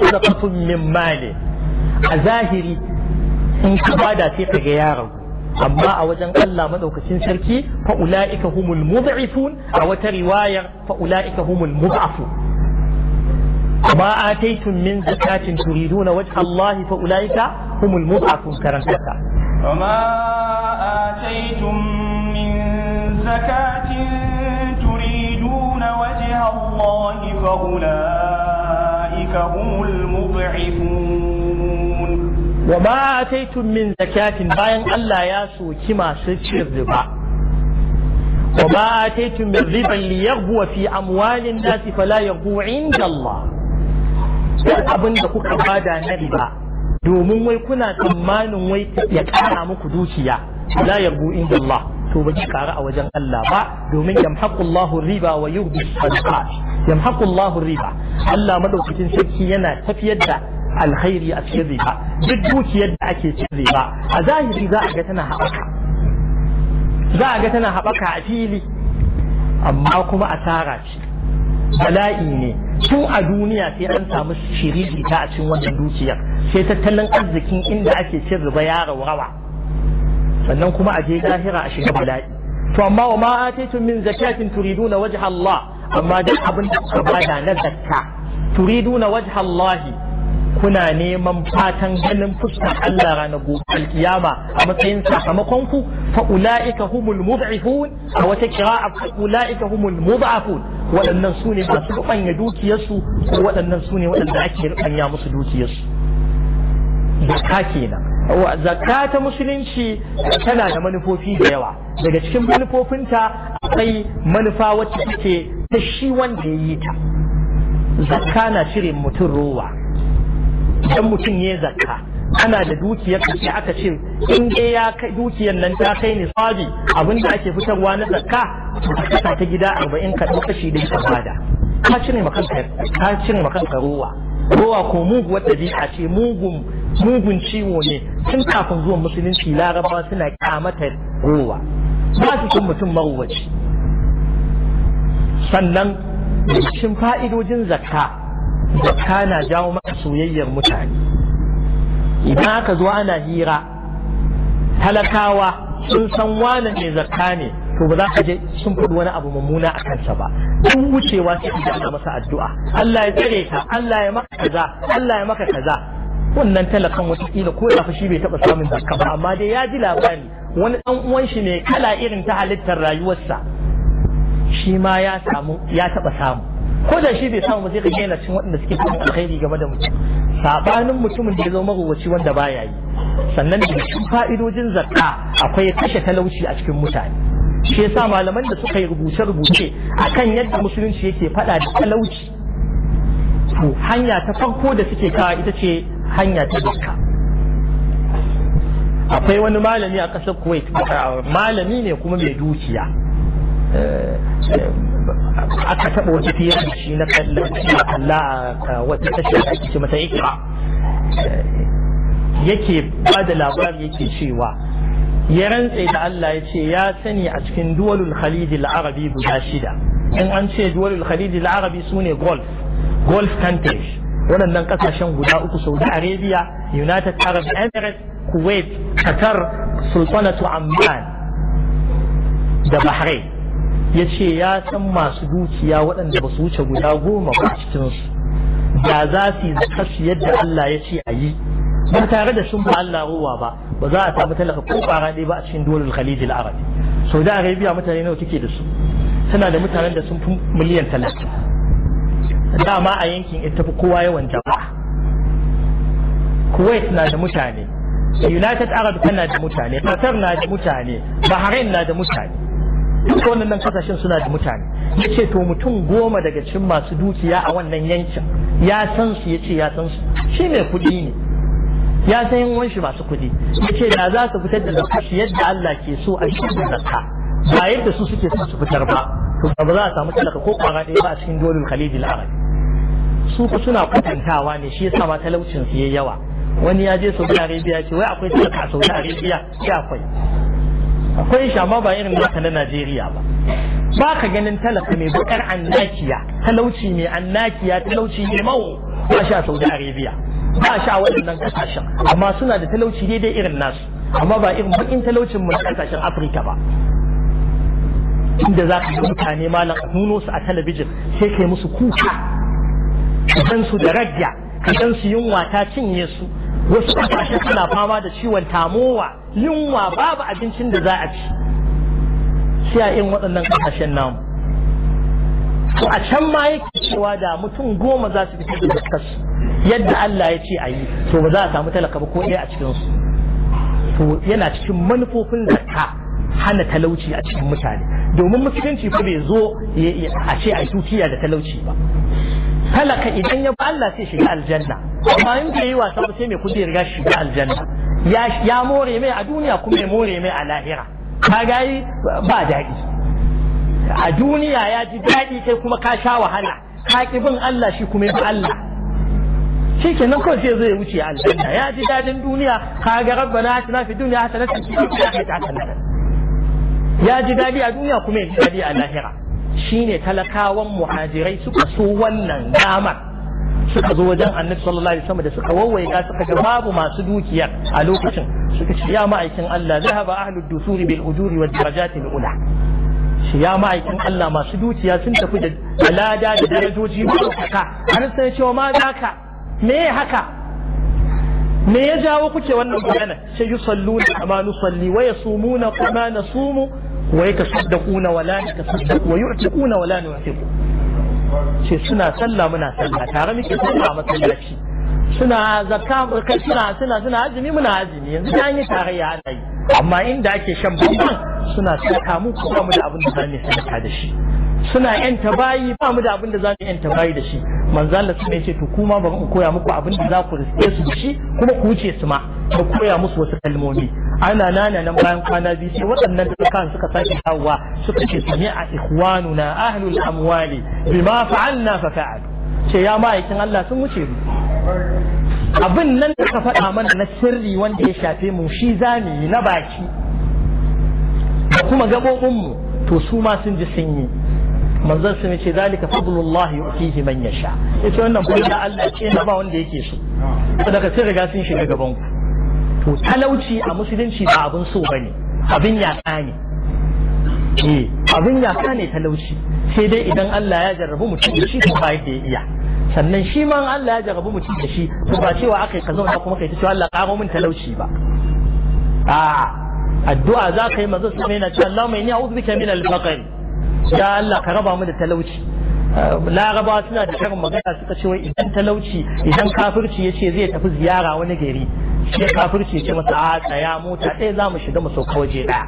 sadaqatun min mali a zahiri in ka bada sai ka ga yaron amma a wajen Allah madaukakin sarki fa ulaika humul mud'ifun a wata riwayar fa ulaika humul mud'afu ma ataytum min zakatin turiduna wajha Allah fa ulaika humul mud'afun karantaka وما آتيتم من زكاة تريدون وجه الله فأولئك هم المضعفون وما آتيتم من زكاة باين ألا ياسو كما سيتشير ربا وما آتيتم من ربا ليغبو في أموال الناس فلا يغبو عند الله abin da kuka bada na riba domin wai kuna tsammanin wai ya kara muku dukiya la yarbu inda Allah to ba kara a wajen Allah ba domin yamhaqu riba wa yuhbi sadaqat yamhaqu riba Allah madaukakin sarki yana tafiyar da alkhairi a cikin riba duk dukiyar da ake cin riba a zahiri za a ga tana haɓaka za a ga tana haɓaka a fili amma kuma asara ce bala'i ne tun a duniya sai an samu shiriri ta a cikin wannan dukiyar sai tattalin arzikin inda ake cin riba ya rawa sannan kuma a je lahira a shiga bala'i to amma wa ma ataitum min zakatin turiduna wajha Allah amma duk abin da kuka bada na zakka turiduna wajha Allah kuna neman fatan ganin fuskar Allah ranar gobe alkiyama a matsayin sakamakon ku fa ulaika humul mud'ifun a wata kira'a fa ulaika humul mud'afun waɗannan su ne masu rubanya dukiyarsu ko waɗannan su ne waɗanda ake rubanya musu dukiyarsu zakka kenan zakka ta musulunci tana da manufofi da yawa daga cikin manufofinta akwai manufa wacce take ta shi wanda ya yi ta zakka na cire mutum rowa idan mutum ya zakka ana da dukiyar kashi aka ce in dai ya kai dukiyar nan ta kai ni sabi abin da ake fitarwa na zakka ka kasa ta gida arba'in ka kashi da ka bada ka cire ma kanka ka cire ma kanka ruwa ruwa ko muguwar ɗabi'a ce mugun mugun ciwo ne tun kafin zuwan musulunci larabawa suna kyamata ruwa ba su mutum maruwaci sannan cikin fa'idojin zakka zakka na jawo maka soyayyar mutane idan aka zo ana hira talakawa sun san wane mai zakka ne to ba za ka je sun faɗi wani abu mummuna a kansa ba duk wucewa sai ka ana masa addu'a Allah ya tsare ka Allah ya maka kaza Allah ya maka kaza wannan talakan kila ko da shi bai taɓa samun zakka ba amma dai ya ji labari wani ɗan uwan shi ne kala irin ta halittar rayuwarsa shi ma ya samu ya taɓa samu ko da shi bai samu sai ka yana cin waɗanda suke a alkhairi game da mutum sabanin mutumin da ya zo magowaci wanda baya yi sannan da cikin fa'idojin zakka akwai kashe talauci a cikin mutane shi yasa malaman da suka yi rubuce-rubuce kan yadda musulunci yake faɗa da talauci to hanya ta farko da suke kawa ita ce hanya ta zakka akwai wani malami a ƙasar kuwait malami ne kuma mai dukiya Eh, aka taɓa wata fiye da shi na kalla a wata tashi da ake mata ikira eh, yake ba da labari yake cewa ya rantse da Allah ya ce ya sani a cikin duwalul khalidi arabi guda shida in an ce duwalul khalidi al sune golf golf countries waɗannan ƙasashen guda uku saudi arabia united arab emirates kuwait qatar sultanatu amman da bahrain ya ce ya san masu dukiya waɗanda ba su wuce guda goma ba cikinsu da za su yi yadda Allah ya ce a yi ba tare da sun ba Allah ruwa ba ba za a samu talaka ko ƙwara ɗaya ba a cikin dolar khalid al-arabi saudi arabia mutane nawa kike da su tana da mutanen da sun fi miliyan talatin dama a yankin ita tafi kowa yawan jama'a kuwait na da mutane united arab tana da mutane qatar na da mutane bahrain na da mutane duk wannan kasashen suna da mutane ya ce to mutum goma daga cikin masu dukiya a wannan yankin ya san su ya ce ya san su shi mai kuɗi ne ya san yin wanshi masu kuɗi ya ce da za su fitar da zakashi yadda Allah ke so a cikin zakka ba yadda su suke su fitar ba to ba za a samu talaka ko kwara ɗaya ba a cikin dolin khalidil arabi su ku suna kwatantawa ne shi yasa ma talaucin su yayi yawa wani ya je Saudi Arabia ce wai akwai talaka a Saudi Arabia ya akwai akwai shi amma ba irin naka na Najeriya ba ba ka ganin talaka mai bukar annakiya talauci mai annakiya talauci mai mawo ba shi a Saudi Arabia ba shi a waɗannan kasashen amma suna da talauci daidai irin nasu amma ba irin bakin talaucin mu na kasashen Afirka ba inda za ka ga mutane malam nuno su a talabijin sai kai musu kuka ka su da ragya ka su yunwa ta cinye su wasu kasashe suna fama da ciwon tamowa yunwa babu abincin da za a ci Shi a in waɗannan kasashen namu to a can ma yake cewa da mutum goma za su fito da kassu yadda Allah ya ce a yi to ba za a samu talaka ba ko ɗaya a cikinsu to yana cikin manufofin da zakka hana talauci a cikin mutane domin musulunci ba bai zo a ce a yi tukiya da talauci ba talaka idan ya ba Allah sai shiga aljanna amma in bai yi wasa ba sai mai kudi riga shiga aljanna ya more mai a duniya kuma ya more mai a lahira ka gayi ba daɗi a duniya ya ji daɗi kai kuma ka sha wahala ka ki bin Allah shi kuma bi Allah shi ke nan kawai sai zai wuce aljanna ya ji daɗin duniya ka ga rabbana hatina fi duniya hasanatan fi dunya hasanatan ya ji daɗi a duniya kuma ya ji daɗi a lahira shine talakawan muhajirai suka so wannan damar suka zo wajen annabi sallallahu alaihi wasallam da suka wawaye ga suka ga babu masu dukiyar a lokacin suka ce ya ma'aikin Allah zahaba ahlud dusuri bil ujuri wad darajatil ula shi ya ma'aikin Allah masu dukiya sun tafi da alada da darajoji ma'aikata an san cewa ma zaka me haka me ya jawo kuke wannan magana sai yusalluna kama nusalli wa yasumuna kama nasumu Wai ka wala ويتصدقون ولا نتصدق ويعتقون ولا نعتق ce suna sallah muna sallah tare muke sallah masallaci suna zakka kai suna suna suna azumi muna azumi yanzu ta yi tarayya ana yi amma inda ake shan bambam suna sadaka mu kuma mu da abin da zamu sadaka da shi suna yan tabayi ba mu da abin da za mu yan tabayi da shi manzo Allah sun yace to kuma ba mu koya muku abin da za ku riske su da shi kuma ku wuce su ma ku koya musu wasu kalmomi ana nana nan bayan kwana biyu sai waɗannan kan suka sake dawowa suka ce a ikhwanuna ahlul amwali bima fa'alna fa fa'al ce ya ma'aikin Allah sun wuce mu abin nan da ka faɗa mana na sirri wanda ya shafe mu shi zamu na baki kuma gaɓoɓinmu to su ma sun ji sun yi manzon sun ce zalika fadlullahi yu'tihi man yasha yace wannan da Allah ce na ba wanda yake so saboda sai riga sun shiga gaban ku to talauci a musulunci ba abin so bane abin yaka ne eh abin yaka ne talauci sai dai idan Allah ya jarrabu mutum da shi ko ba yake iya sannan shi ma Allah ya jarrabu mutum da shi to ba cewa akai ka zauna kuma kai ta cewa Allah karo min talauci ba a addu'a za ka yi manzon sun yana cewa Allahumma inni a'udhu bika min al-faqr ya Allah ka raba mu da talauci laraba suna da karin magana suka ce wai idan talauci idan kafirci ya ce zai tafi ziyara wani gari shi kafirci ya ce masa a tsaya mota ɗaya za mu shiga mu sauka waje ɗaya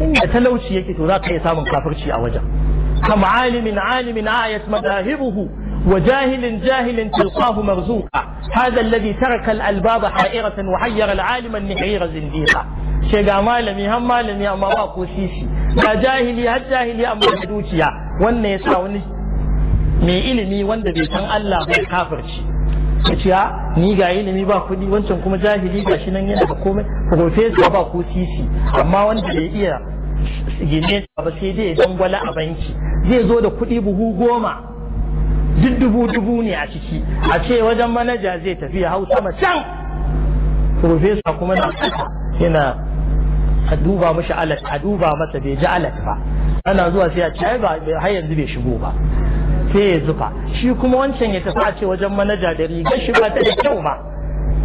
inda talauci yake to za ka iya samun kafirci a wajen kam alimin alimin ayat madahibuhu وجاهل جاهل تلقاه مرزوقا هذا الذي ترك الألباب حائرة وحير العالم النحير زنديقا شيء malami har malami amma ba ko sisi ga jahili har jahili amma da dukiya wannan yasa wani mai ilimi wanda bai san Allah bai kafirci ya ce ni ga ilimi ba kuɗi wancan kuma jahili ga shi nan yana da komai professor ba ko sisi amma wanda bai iya gine ba sai dai gwala a banki zai zo da kuɗi buhu goma duk dubu dubu ne a ciki a ce wajen manaja zai tafi ya hau sama can professor kuma na yana ka duba mashi alat a duba masa bai ji alat ba ana zuwa sai a ce ai ba har yanzu bai shigo ba sai ya zufa shi kuma wancan ya tafi a ce wajen manaja da rigar shi ba ta da kyau ba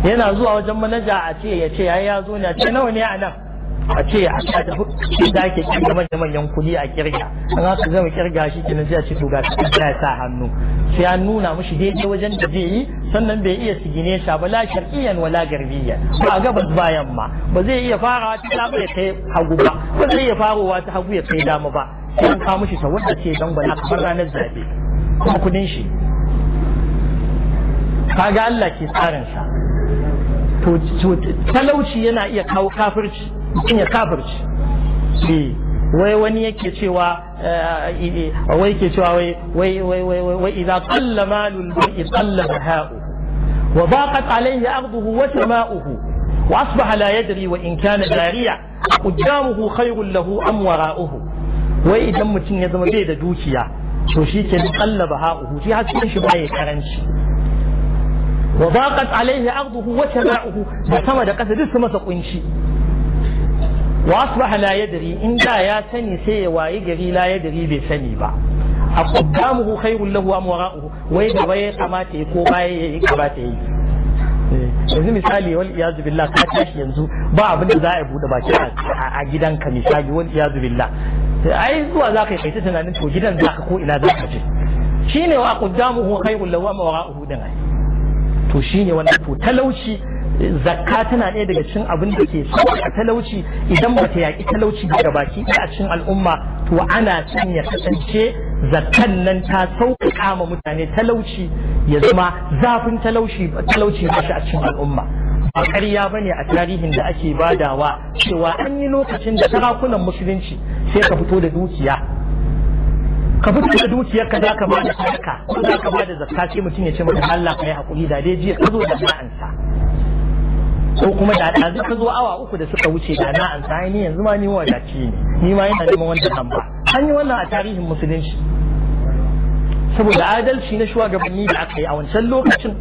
yana zuwa wajen manaja a ce ya ce ya zo ne a ce nawa ne a nan a ce a ta da hukki da ke kirga da manyan kuɗi a kirga an haka zama kirga shi nan sai a ci to ga ta ya sa hannu sai an nuna mushi daidai wajen da zai yi sannan bai iya sigine sha ba la iyan wala garbiyan ba a gabas ba ma. ba zai iya farawa ta dama ya kai hagu ba ba zai iya farowa ta hagu ya kai dama ba sai an kawo mushi tawar da ce dangwala kamar ranar zabe, kuma kuɗin shi kaga Allah ke tsarin sa to talauci yana iya kawo kafirci mutum ya kafirci wai wani yake cewa eh, eh, eh, wai ke cewa wai wai wai wai wai wai idza qalla malul mar'i qalla baha'u wa baqat alayhi arduhu wa sama'uhu wa asbaha la yadri wa in kana jariya quddamuhu khayrun lahu am wara'uhu wai idan mutum ya zama bai da dukiya to shi ke qalla baha'uhu shi hasken shi baya karanci wa baqat alayhi arduhu wa sama'uhu da sama da kasa duk su masa kunshi واصبح لا يدري ان دا يا سني سي واي غري لا يدري بي سني با اقدامه خير له ام وراءه وي da يا kamata ko baya ya kamata yi eh, yanzu misali wal iyazu billah ka tashi yanzu ba abin da za a bude baki a gidanka misali wal iyazu billah ai zuwa za ka kai ta tunanin to gidan za ka ko ina za ka je shine wa qaddamuhu khairul lahu am wara'uhu dan ai to shine wannan to talauci zakka tana ɗaya daga cin abin da ke a talauci idan ba ta yaƙi talauci daga baki a cikin al'umma to ana son ya kasance zakkan nan ta sauƙaƙa ma mutane talauci ya zama zafin talauci talauci ba shi a cikin al'umma ba ƙarya ba ne a tarihin da ake badawa cewa an yi lokacin da sarakunan musulunci sai ka fito da dukiya ka fito da dukiyar ka ka ba da sadaka ko ka ba da zakka sai mutum ya ce maka Allah ka yi hakuri da dai jiya ka zo da ma'ansa. ko kuma da ɗazu ka zo awa uku da suka wuce da na an ni yanzu ma ni wadaci ne ni ma yana neman wanda nan ba an yi wannan a tarihin musulunci saboda adalci na shugabanni da aka yi a wancan lokacin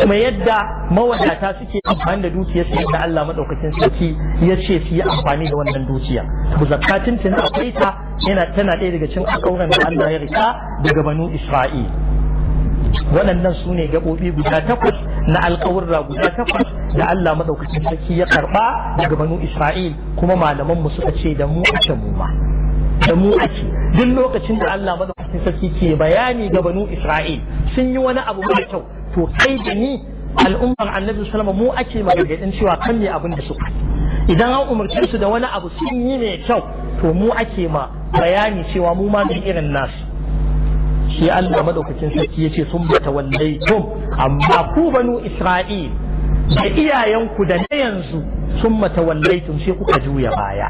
kuma yadda mawadata suke amfani da dukiyar su yadda Allah madaukakin sarki ya ce su yi amfani da wannan dukiya to zakatun tana akwai ta yana tana ɗaya daga cikin alƙawuran da Allah ya rika daga banu Isra'il waɗannan su ne gaɓoɓi guda takwas na alƙawurra guda takwas da Allah maɗaukacin sarki ya karɓa daga banu Isra'il kuma malaman mu suka ce da mu ake mu ma da mu ake duk lokacin da Allah maɗaukacin sarki ke bayani ga banu Isra'il sun yi wani abu mai kyau to kai da ni al'ummar annabi sallama mu ake magargaɗin cewa kan ne abin da suka idan an umarce su da wani abu sun yi mai kyau to mu ake ma bayani cewa mu ma irin nasu shi Allah madaukakin sarki yace sun bata wallaitum amma ku banu Isra'il da iyayenku da na yanzu sun mata wallaitum sai kuka juya baya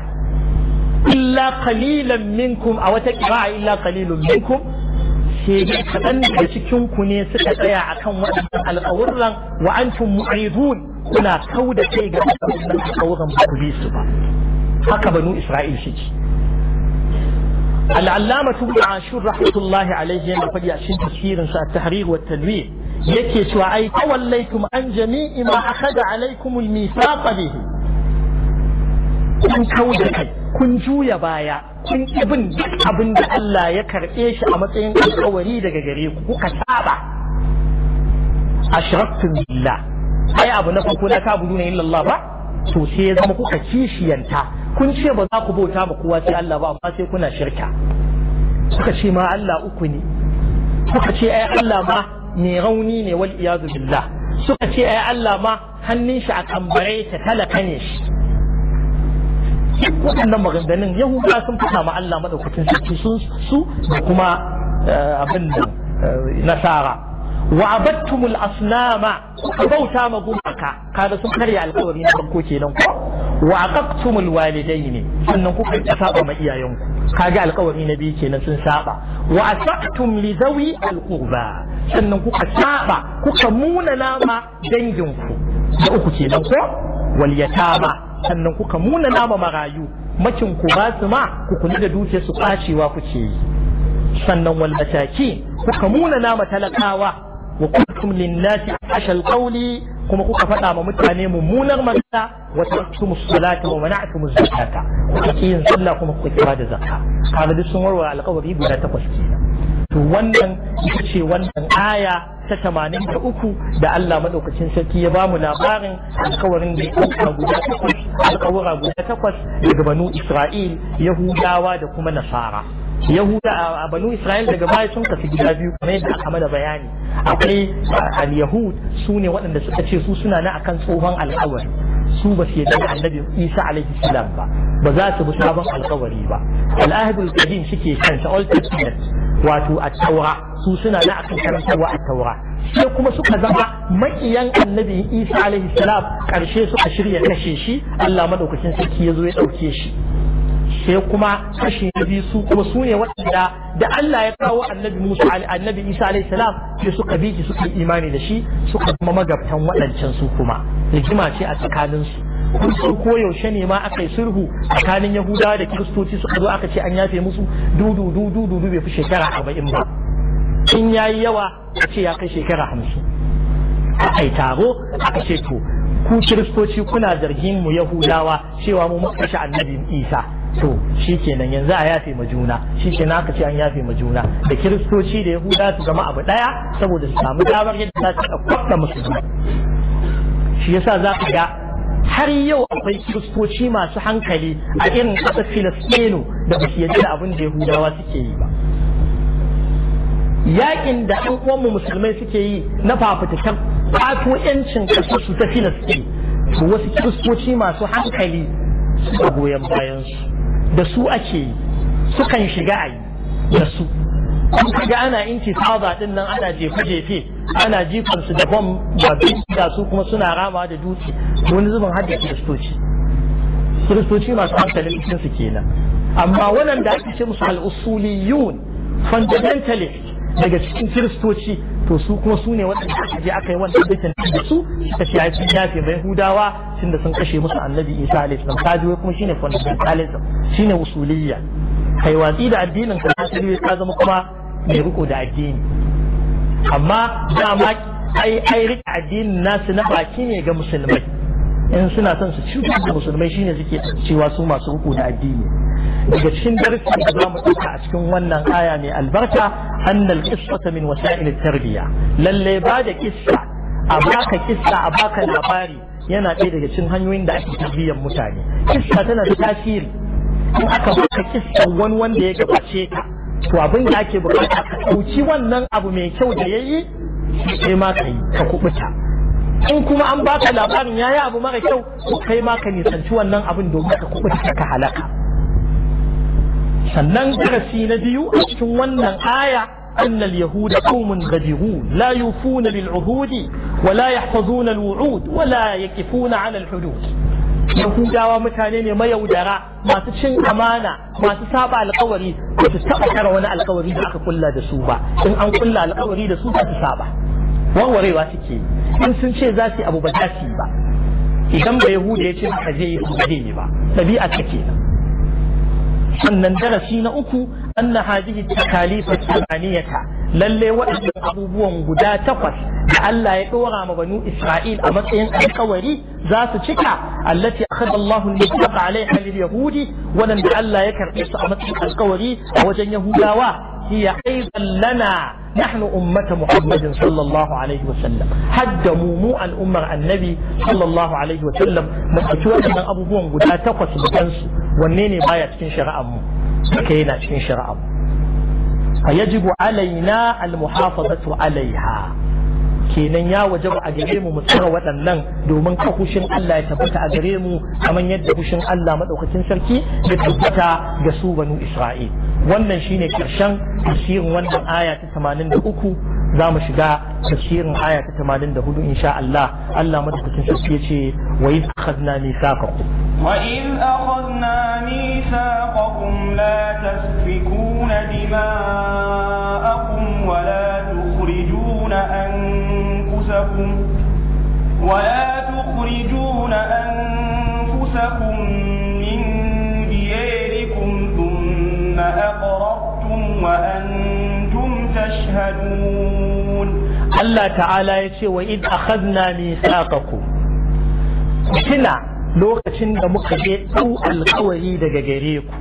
illa qalilan minkum a wata qira'a illa qalilun minkum sai kadan kaɗan daga cikin ku ne suka tsaya akan waɗannan alƙawurran wa antum mu'ridun kuna kauda kai ga waɗannan alƙawurran ba ku bi su ba haka banu Isra'il shi al'allama tubu ashur rahmatullahi alaihi yana faɗi a cikin tafsirin sa tahrir wa tadwir yake cewa ai tawallaitum an jami'i ma akhadha alaikum al-mithaqa kun kauda kai kun juya baya kun ibin duk abin da Allah ya karɓe shi a matsayin alƙawari daga gare ku kuka saba ashraftu billah ai abu na farko na ka budu ne illallah ba so sai ya zama kuka kishiyanta kun ce ba za ku bauta ba kowa sai Allah ba amma sai kuna shirka suka ce ma Allah uku ne suka ce ai Allah ma mai rauni ne wal iyazu billah suka ce ai Allah ma hannun shi a kambare ta talaka ne shi duk waɗannan maganganun yahuda sun fita ma Allah madaukakin sarki sun su da kuma eh, abin eh, nasara wa abattumul asnama kuka bauta ma gumaka kada sun karya alƙawari na farko kenan ko wa walidai ne sannan kuka saba ma iyayenku kaga alƙawari na biyu kenan sun saba wa asaqtum li zawi alqurba sannan kuka saba kuka munana ma danginku da uku kenan ko wal yatama sannan kuka munana ma marayu makin ku ba su ma ku kula da dukiyar su kwacewa kuke yi sannan wal mataki kuka muna nama talakawa wa kuntum linnasi ashal qawli kuma kuka faɗa ma mutane mummunar magana wa tarkumu salata wa mana'tum zakata kuka ki yin sallah kuma kuka kira da zakka kaga duk sun warware alƙawari guda takwas kenan wannan ita ce wannan aya ta tamanin da uku da Allah maɗaukacin sarki ya bamu labarin alkawarin da ya guda takwas alkawura guda takwas daga banu Isra'il Yahudawa da kuma Nasara. yahuda a banu isra'il daga baya sun kasu gida biyu kamar yadda aka mana bayani akwai al-yahud su ne waɗanda suka ce su suna na akan tsohon alkawari su ba su yadda annabi isa alaihi salam ba ba za su bi sabon alkawari ba al-ahdul qadim shike kansa old testament wato a taura su suna na akan karantarwa a taura sai kuma suka zama makiyan annabi isa alaihi salam karshe suka shirya kashe shi Allah madaukakin sarki ya zo ya dauke shi sai kuma kashi na biyu su kuma su ne waɗanda da Allah ya kawo annabi Musa annabi Isa alaihi salam sai suka bi shi suka imani da shi suka kuma magabtan waɗancan su kuma rigima ce a tsakanin su kun su ko yaushe ne ma aka yi sulhu tsakanin Yahudawa da Kiristoci suka zo aka ce an yafe musu dudu dudu dudu bai fi shekara arba'in ba in yayi yawa a ce ya kai shekara hamsin aka yi taro aka ce to ku kiristoci kuna zargin mu yahudawa cewa mu muka kashe annabi isa to shikenan yanzu a yafe ma juna ke aka ce an yafe ma juna da kiristoci da yahuda su zama abu daya saboda su samu damar yadda za su musu musulmi shi yasa za ka ga har yau akwai kiristoci masu hankali a irin ƙasar filistinu da ba su yadda da abin da yahudawa suke yi ba yakin da ɗan uwanmu musulmai suke yi na fafutukan kwato yancin kaso su ta filistin to wasu kiristoci masu hankali suka goyon bayan su da su ake yi sukan shiga a yi da su kuma kaga ana inci saba din nan ana jefe-jefe ana jifan su da bom da su kuma suna rama da dutse wani zubin har kiristoci kiristoci masu hankali cikin su kenan amma wannan da ake ce musu al'usuliyun fundamentalist daga cikin kiristoci to su kuma su ne waɗanda aka je aka yi wannan bikin da su ta ce ai sun yafe mai hudawa tun da sun kashe musu annabi isa alaihi salam ka wai kuma shine fundamentalism shine usuliyya kai watsi da addinin ka ta zama kuma mai riko da addini amma dama ai ai rika addinin nasu na baki ne ga musulmai in suna son su cutar musulmai shine suke cewa su masu riko da addini daga cikin darasin da zamu ɗauka a cikin wannan aya mai albarka annal qissata min wasa'il tarbiya lalle ba da kissa a baka kissa a baka labari yana ɗaya daga cikin hanyoyin da ake tarbiyyar mutane kissa tana da tasiri in aka baka kissan wani wanda ya gabace ka to abin da ake bukata ka ɗauki wannan abu mai kyau da yi sai ma ka yi ka kubuta in kuma an baka labarin ya yi abu mara kyau kai ma ka nisanci wannan abin domin ka kuɓuta ka halaka sannan darasi na biyu a cikin wannan aya أن اليهود قوم غدرون لا يوفون بالعهود ولا يحفظون الوعود ولا يكفون على الحدود yahudawa mutane ne mayaudara masu cin amana masu saba alkawari ba su taba kara wani alkawari da aka kulla da su ba in an kulla alkawari da su ba su saba warwarewa suke in sun ce za su abu ba za su yi ba idan ba yahuda ya ce ba zai yi ba zai yi ba ɗabi'a take kenan sannan darasi na uku anna hadhihi takalifa tabaniyata lalle waɗannan abubuwan guda takwas da Allah ya ɗora ma banu Isra'il a matsayin alƙawari za su cika allati akhadha Allahu al-mithaqa alaiha lil yahudi waɗanda Allah ya karɓe su a matsayin alƙawari a wajen Yahudawa هي أيضا لنا نحن أمة محمد صلى الله عليه وسلم حد مومو أمر النبي صلى الله عليه وسلم مسكتوا من أبو بوان قد أتقص بجنس ونيني باية تكين شرع أمو تكين شرع أمو فيجب علينا المحافظة عليها kenan ya waje a gare mu mu tsara waɗannan domin ka hushin Allah ya tabbata a gare mu kamar yadda hushin Allah madaukakin sarki ya tabbata ga su banu Isra'il wannan shine karshen tafsirin wannan aya ta 83 za mu shiga tafsirin aya ta 84 insha Allah Allah madaukakin sarki ya ce wa iz akhadna mithaqakum wa iz akhadna mithaqakum la tasfikuna dima'akum أنفسكم ولا تخرجون أنفسكم من دياركم ثم أقررتم وأنتم تشهدون الله تعالى يتي وإذ أخذنا ميثاقكم كنا lokacin da muka je ɗau alkawari daga gare ku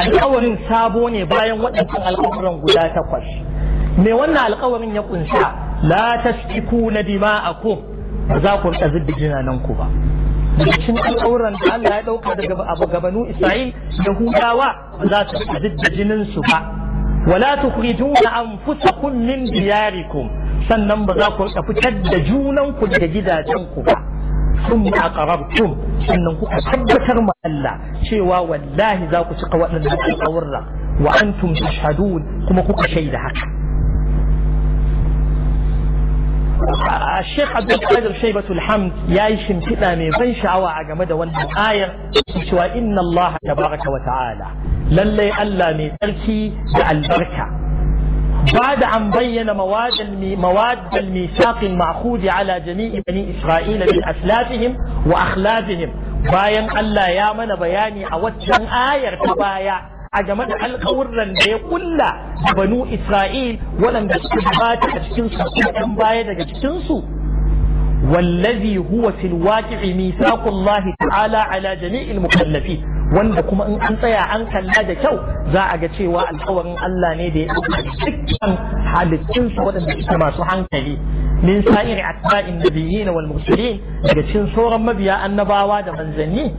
alkawarin sabo ne bayan waɗancan alkawaran guda takwas me wannan alƙawarin ya kunsa la tasfikuna dima'akum ba za ku rika zubi jinanan ku ba cikin al'auran da Allah ya dauka daga abu gabanu Isra'il Yahudawa za su zubi jinin su ba wala tukhrijuna anfusakum min diyarikum sannan ba za ku rika fitar da junan ku daga gidajen ku ba sun qarabtum sannan ku tabbatar ma Allah cewa wallahi za ku cika waɗannan al'aurra wa antum tashhadun kuma kuka shaida haka Ah, Sheikh Abdul Qadir Shaybatul Hamd ya yi shimfiɗa mai ban sha'awa a game da wannan ayar cewa inna Allah tabaraka wa ta'ala lallai Allah mai tsarki da albarka بعد أن بين مواد مواد الميثاق المعقود على جميع بني إسرائيل من أسلافهم وأخلافهم باين ألا bayani a بياني أوتشن آية baya. a game da alƙawurran da ya kulla banu Isra'il waɗanda suka gabata a cikin su ɗan baya daga cikin su wallazi huwa fil waqi'i ta'ala ala jami'il mukallafi wanda kuma in an tsaya an kalla da kyau za a ga cewa alkawarin Allah ne da ya ɗauka dukkan halittun su waɗanda suke masu hankali min sa'iri atba'in nabiyyin wal mursalin daga cikin sauran mabiya annabawa da manzanni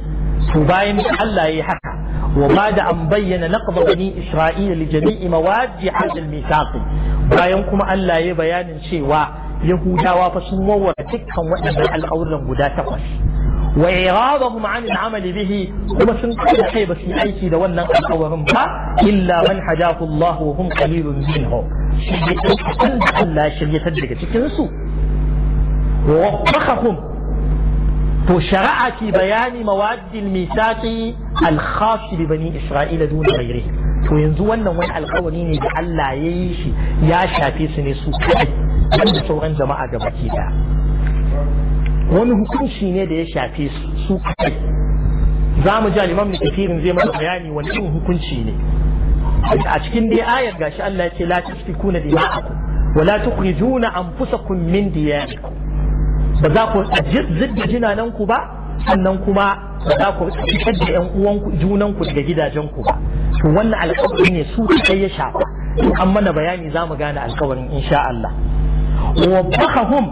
to bayan Allah yayi haka وبعد أن بين نقض بني إسرائيل لجميع مواد هذا الميثاق bayan kuma Allah ya bayanin cewa Yahudawa fa sun wawware dukkan waɗannan al'auran guda takwas wa iradahum an al bihi kuma sun kada kai ba su aiki da wannan al'awarin ba illa man hadahu Allah wa hum qalilun minhum shi ne Allah shiryatar daga cikin su wa waffaqahum to shari'a ke bayani mawadin misaqi al bi bani isra'ila dun ghairi to yanzu wannan wani alkawari ne da Allah ya yi shi ya shafe su ne su kai da sauran jama'a ga baki daya wani hukunci ne da ya shafe su kai za mu ji al-imam kafirin zai mana bayani wani irin hukunci ne a cikin dai ayar gashi Allah ya ce la tasfikuna dima'akum wa la tukhrijuna anfusakum min diyarikum ba za ku zidda jinanan ku ba sannan kuma ba za ku fitar da yan uwanku junanku daga gidajen ku ba to wannan alƙawari ne su kai ya shafa an mana bayani za mu gane alƙawarin insha Allah wa bakahum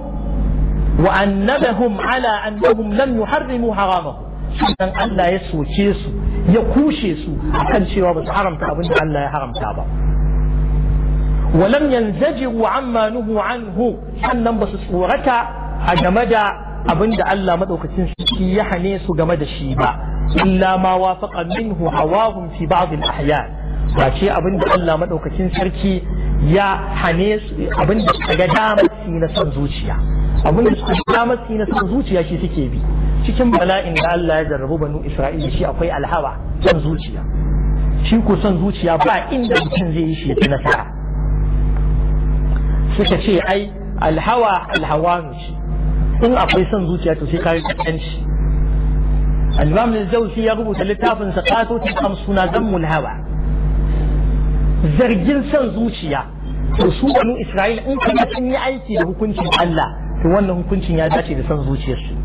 wa annabahum ala annahum lam yuharrimu haramahu sannan Allah ya soke su ya kushe su akan cewa ba su haramta abin da Allah ya haramta ba ولم ينزجروا عما نهوا عنه sannan ba su tsorata a game da abin da Allah madaukakin sarki ya hane su game da shi ba illa ma wafaqa minhu hawahum fi ba'd al-ahyan ba ce abin da Allah madaukakin sarki ya hane su abin da ga su na son zuciya abin da suka ga su na son zuciya shi suke bi cikin bala'in da Allah ya jarrabu banu Isra'ila shi akwai alhawa son zuciya shi ko son zuciya ba inda mutum zai yi shi ya nasara suka ce ai alhawa alhawa ne shi in akwai son zuciya to sai kayi yi kaskanci al-imam al ya rubuta littafin sa qatatu amsuna zammul hawa zargin son zuciya to su banu isra'il in kuma sun yi aiki da hukuncin Allah to wannan hukuncin ya dace da son zuciyarsu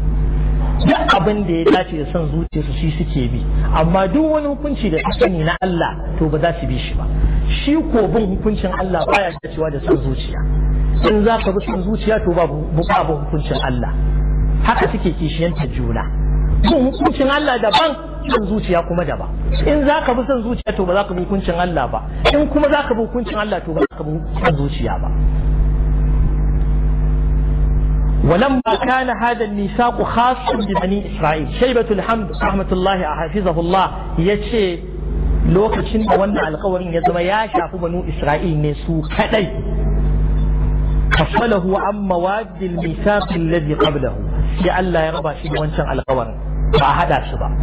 duk abin da ya dace da son zuciyarsu shi suke bi amma duk wani hukunci da suka ne na Allah to ba za su bi shi ba shi ko bin hukuncin Allah baya dacewa da son zuciya in za ka bi son zuciya to ba babu hukuncin Allah haka suke kishiyanta juna bin hukuncin Allah daban son zuciya kuma daban in za ka bi son zuciya to ba za ka bi hukuncin Allah ba in kuma za ka bi hukuncin Allah to ba za ka bi son zuciya ba ولما كان هذا النساق خاصا ببني إسرائيل شيبة الحمد رحمة الله حفظه الله يتشي لوكشن وانا القوارين يزم يا شافوا بنو إسرائيل نسو كدي ففصله عن مواد الميثاق الذي قبله يا الله يا ربا شيء وانشان القوار فأحدا شبا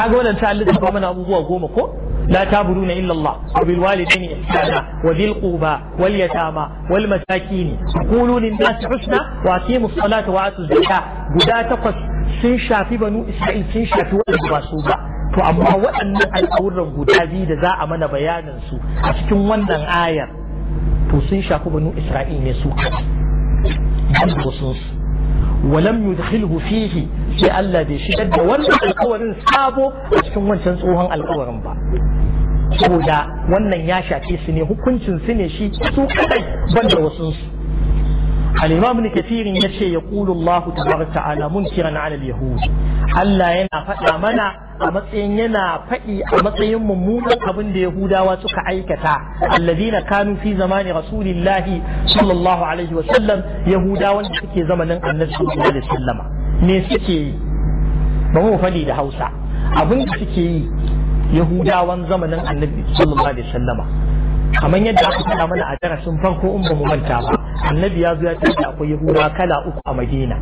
هذا ولا انت اللي تبقى من أبوه وقومكو لا تعبدون إلا الله وبالوالدين إحسانا وذي القربى واليتامى والمساكين قولوا للناس حسنا وأقيموا الصلاة وآتوا الزكاة guda takwas sun shafi banu Isra'il sun shafi waɗanda ba su ba to amma waɗannan alƙawuran guda biyu da za a mana bayanin su a cikin wannan ayar to sun shafi banu isra'il ne su kai sun su ولم يدخله فيه sai Allah bai shigar da wannan alkawarin sabo a cikin wancan tsohon alkawarin ba saboda wannan ya shafe su ne hukuncin su ne shi su kadai banda wasu su al-imam ibn kathir yace yaqulu Allah tabaraka ta'ala munkiran 'ala al Allah yana faɗa mana a matsayin yana faɗi a matsayin mummunan abin da yahudawa suka aikata alladina kanu fi zamani rasulillahi sallallahu alaihi wa sallam yahudawan da suke zamanin annabi sallallahu alaihi wa sallama me suke ba mu faɗi da Hausa abin da suke yi yahudawan zamanin annabi sallallahu alaihi wa sallama kamar yadda aka faɗa mana a darasin farko in ba mu manta ba annabi ya zo ya ce akwai yahuda kala uku a madina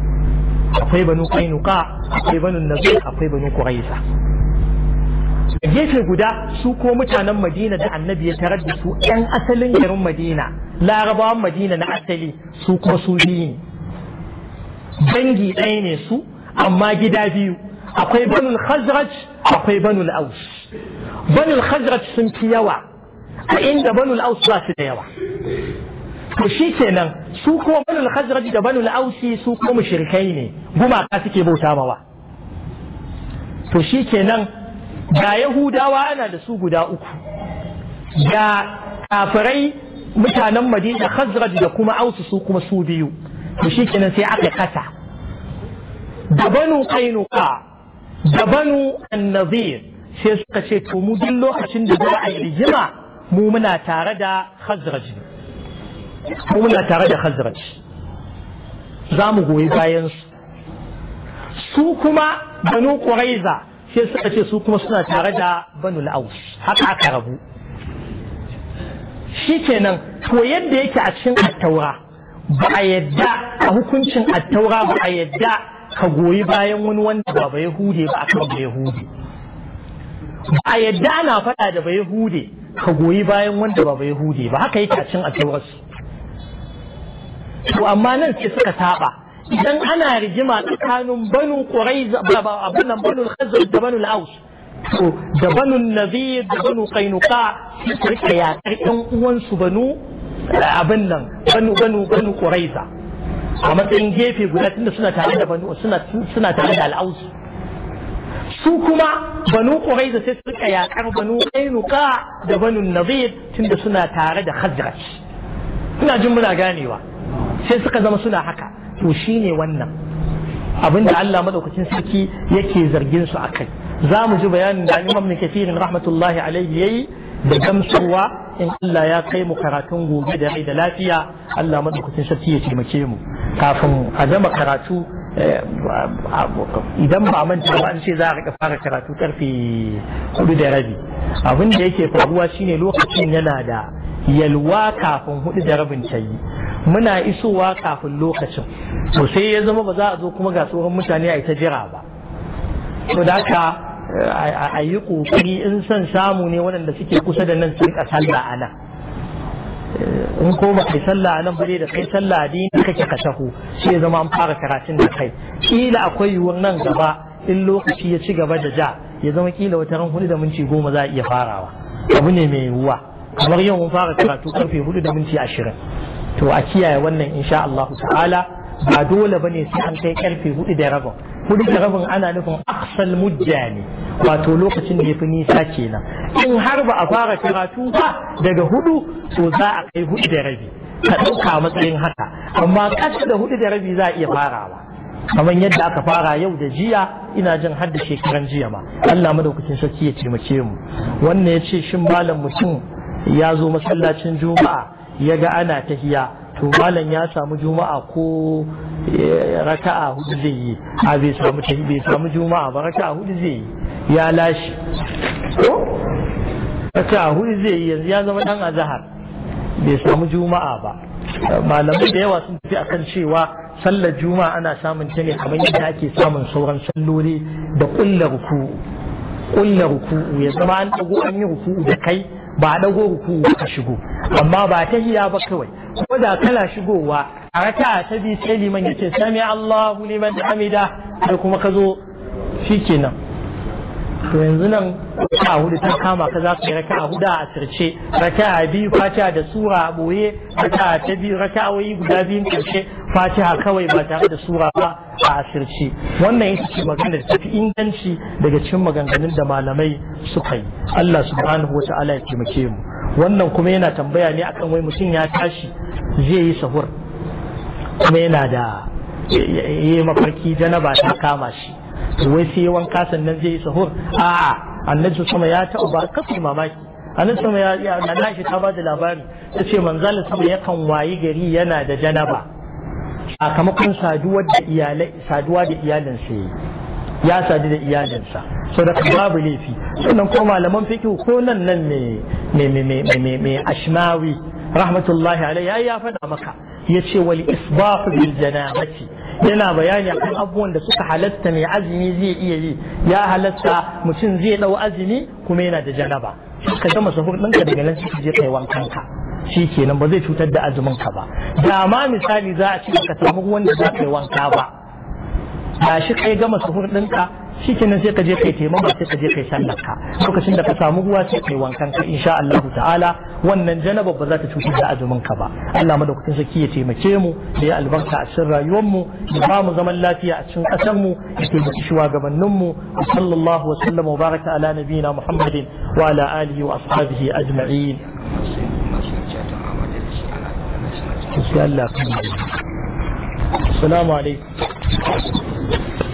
akwai banu kainuka akwai banu nazir akwai banu quraiza a gefe guda su ko mutanen madina da annabi ya tarar da su yan asalin garin madina larabawan madina na asali su kuma su biyu ne dangi ɗaya ne su amma gida biyu akwai banul khazraj akwai banul aus banul khazraj sun fi yawa a inda banul aus ba su da yawa to shi kenan su kuma al khazraj da banul ausi su kuma mushrikai ne gumaka suke bauta mawa to shi kenan ga yahudawa ana da su guda uku ga kafirai mutanen madina khazraj da kuma ausu su kuma su biyu to shi kenan sai aka kasa da banu qainuqa da banu annazir sai suka ce to mu duk lokacin da za a yi rigima mu muna tare da khazraj mu muna tare da khazraj za mu goyi bayan su su kuma banu quraiza sai suka ce su kuma suna tare da banu aus haka aka rabu shikenan to yadda yake a cikin attaura ba a yadda a hukuncin attaura ba a yadda ka goyi bayan wani wanda ba bai hude ba akan bai hude ba a yadda ana faɗa da bai hude ka goyi bayan wanda ba yahudi ba haka yake a cin addu'arsu to amma nan sai suka saba idan ana rigima tsakanin banu quraiz abin nan banu khazraj da banu al-aus to da banu nadir da banu qainuqa su rika yakar ɗan uwansu banu abin nan banu banu banu quraiza a matsayin gefe guda tunda suna tare da banu suna suna tare da al-aus su kuma banu da sai suka yakar banu qainuqa da banu nadir tunda suna tare da khazraj ina jin muna ganewa sai suka zama suna haka to shine wannan abinda Allah madaukakin sarki yake zargin su akai za mu ji bayanin da Imam Ibn Kathir rahmatullahi alaihi yayi da gamsuwa in Allah ya kai mu karatun gobe da rai da lafiya Allah madaukakin sarki ya taimake mu kafin a gama karatu idan ba manta ba an ce za a rika fara karatu karfe hudu da rabi abin da yake faruwa shine lokacin yana da yalwa kafin hudu da rabin ta yi muna isowa kafin lokacin to sai ya zama ba za a zo kuma ga tsohon mutane a ta jira ba to da haka a yi kokari in son samu ne waɗanda suke kusa da nan sun ƙasar da ana in ko ba kai sallah nan bare da kai sallah dini kake ka taho sai zama an fara karatun da kai kila akwai yiwuwar nan gaba in lokaci ya ci gaba da ja ya zama kila wata ran hudu da minti goma za a iya farawa abu ne mai yiwuwa kamar yau mun fara karatu karfe hudu da minti ashirin to a kiyaye wannan insha Allah ta'ala ba dole ba ne sai an kai karfe hudu da rabin hudu da rabin ana nufin aksal mujja ne wato lokacin da ya fi nisa kenan in har ba a fara karatu ba daga hudu to za a kai hudu da rabi ka ɗauka matsayin haka amma ƙasa da hudu da rabi za a iya farawa kamar yadda aka fara yau da jiya ina jin har da shekaran jiya ma Allah madaukakin sarki ya taimake mu wannan ya ce shin malam mutum ya zo masallacin juma'a ya ga ana tahiya to malam ya samu juma'a ko eh, raka'a hudu zai yi a bai samu bai samu juma'a ba raka'a hudu zai yi ya lashe ko raka'a hudu zai yi yanzu ya zama dan azhar bai samu juma'a ba malamai da yawa sun tafi akan cewa sallar juma'a ana samun ta ne kamar yadda ake samun sauran salloli da kullar ku kullar ku ya zama an dago an yi ruku da kai ba a ɗago ruku ka shigo amma ba ta hiya ba kawai ko da kana shigowa a raka'a ta biyu sai liman yace sami Allahu liman hamida sai kuma ka zo kenan to yanzu nan a hudu ta kama ka za ka yi raka hudu a asirce raka'a biyu fata da sura a boye raka'a ta biyu raka'awoyi guda biyun karshe fatiha kawai ba tare da sura ba a asirci wannan ita ce magana da tafi inganci daga cikin maganganun da malamai suka yi Allah subhanahu wa ta'ala ya taimake mu wannan kuma yana tambaya ne akan wai mutum ya tashi zai yi sahur kuma yana da yi mafarki janaba ta kama shi wai sai wanka sannan zai yi sahur a'a annabi sama ya taɓa ba kafin mamaki annabi sama ya na shi ta ba da labari ta ce manzalin sama yakan wayi gari yana da janaba sakamakon saduwa da iyalai saduwa da iyalinsa yayi ya sadu da sa so da babu laifi sannan ko malaman fiqh ko nan nan me ne ne ne ne ashmawi rahmatullahi alaihi ya faɗa maka yace wal isbah bil janahati yana bayani akan abubuwan da suka halatta mai azumi zai iya yi ya halatta mutum zai dau azumi kuma yana da janaba ka gama sahur ɗinka daga nan sai je kai wankan ka. shi kenan ba zai cutar da azumin ka ba da ma misali za a ce ka samu ruwan da za ka yi wanka ba ga shi kai gama suhur ɗinka shi kenan sai ka je kai taimama sai ka je kai sallar ka lokacin da ka samu ruwa sai kai wankan ka insha Allah ta'ala wannan janaba ba za ta cutar da azumin ka ba Allah madaukakin saki ya taimake mu da ya albarka a cikin rayuwar mu ya ba mu zaman lafiya a cikin kasar mu da taimaki shugabannin mu sallallahu wa sallama wa baraka ala nabiyina Muhammadin wa ala alihi wa ashabihi ajma'in to sai Allah ka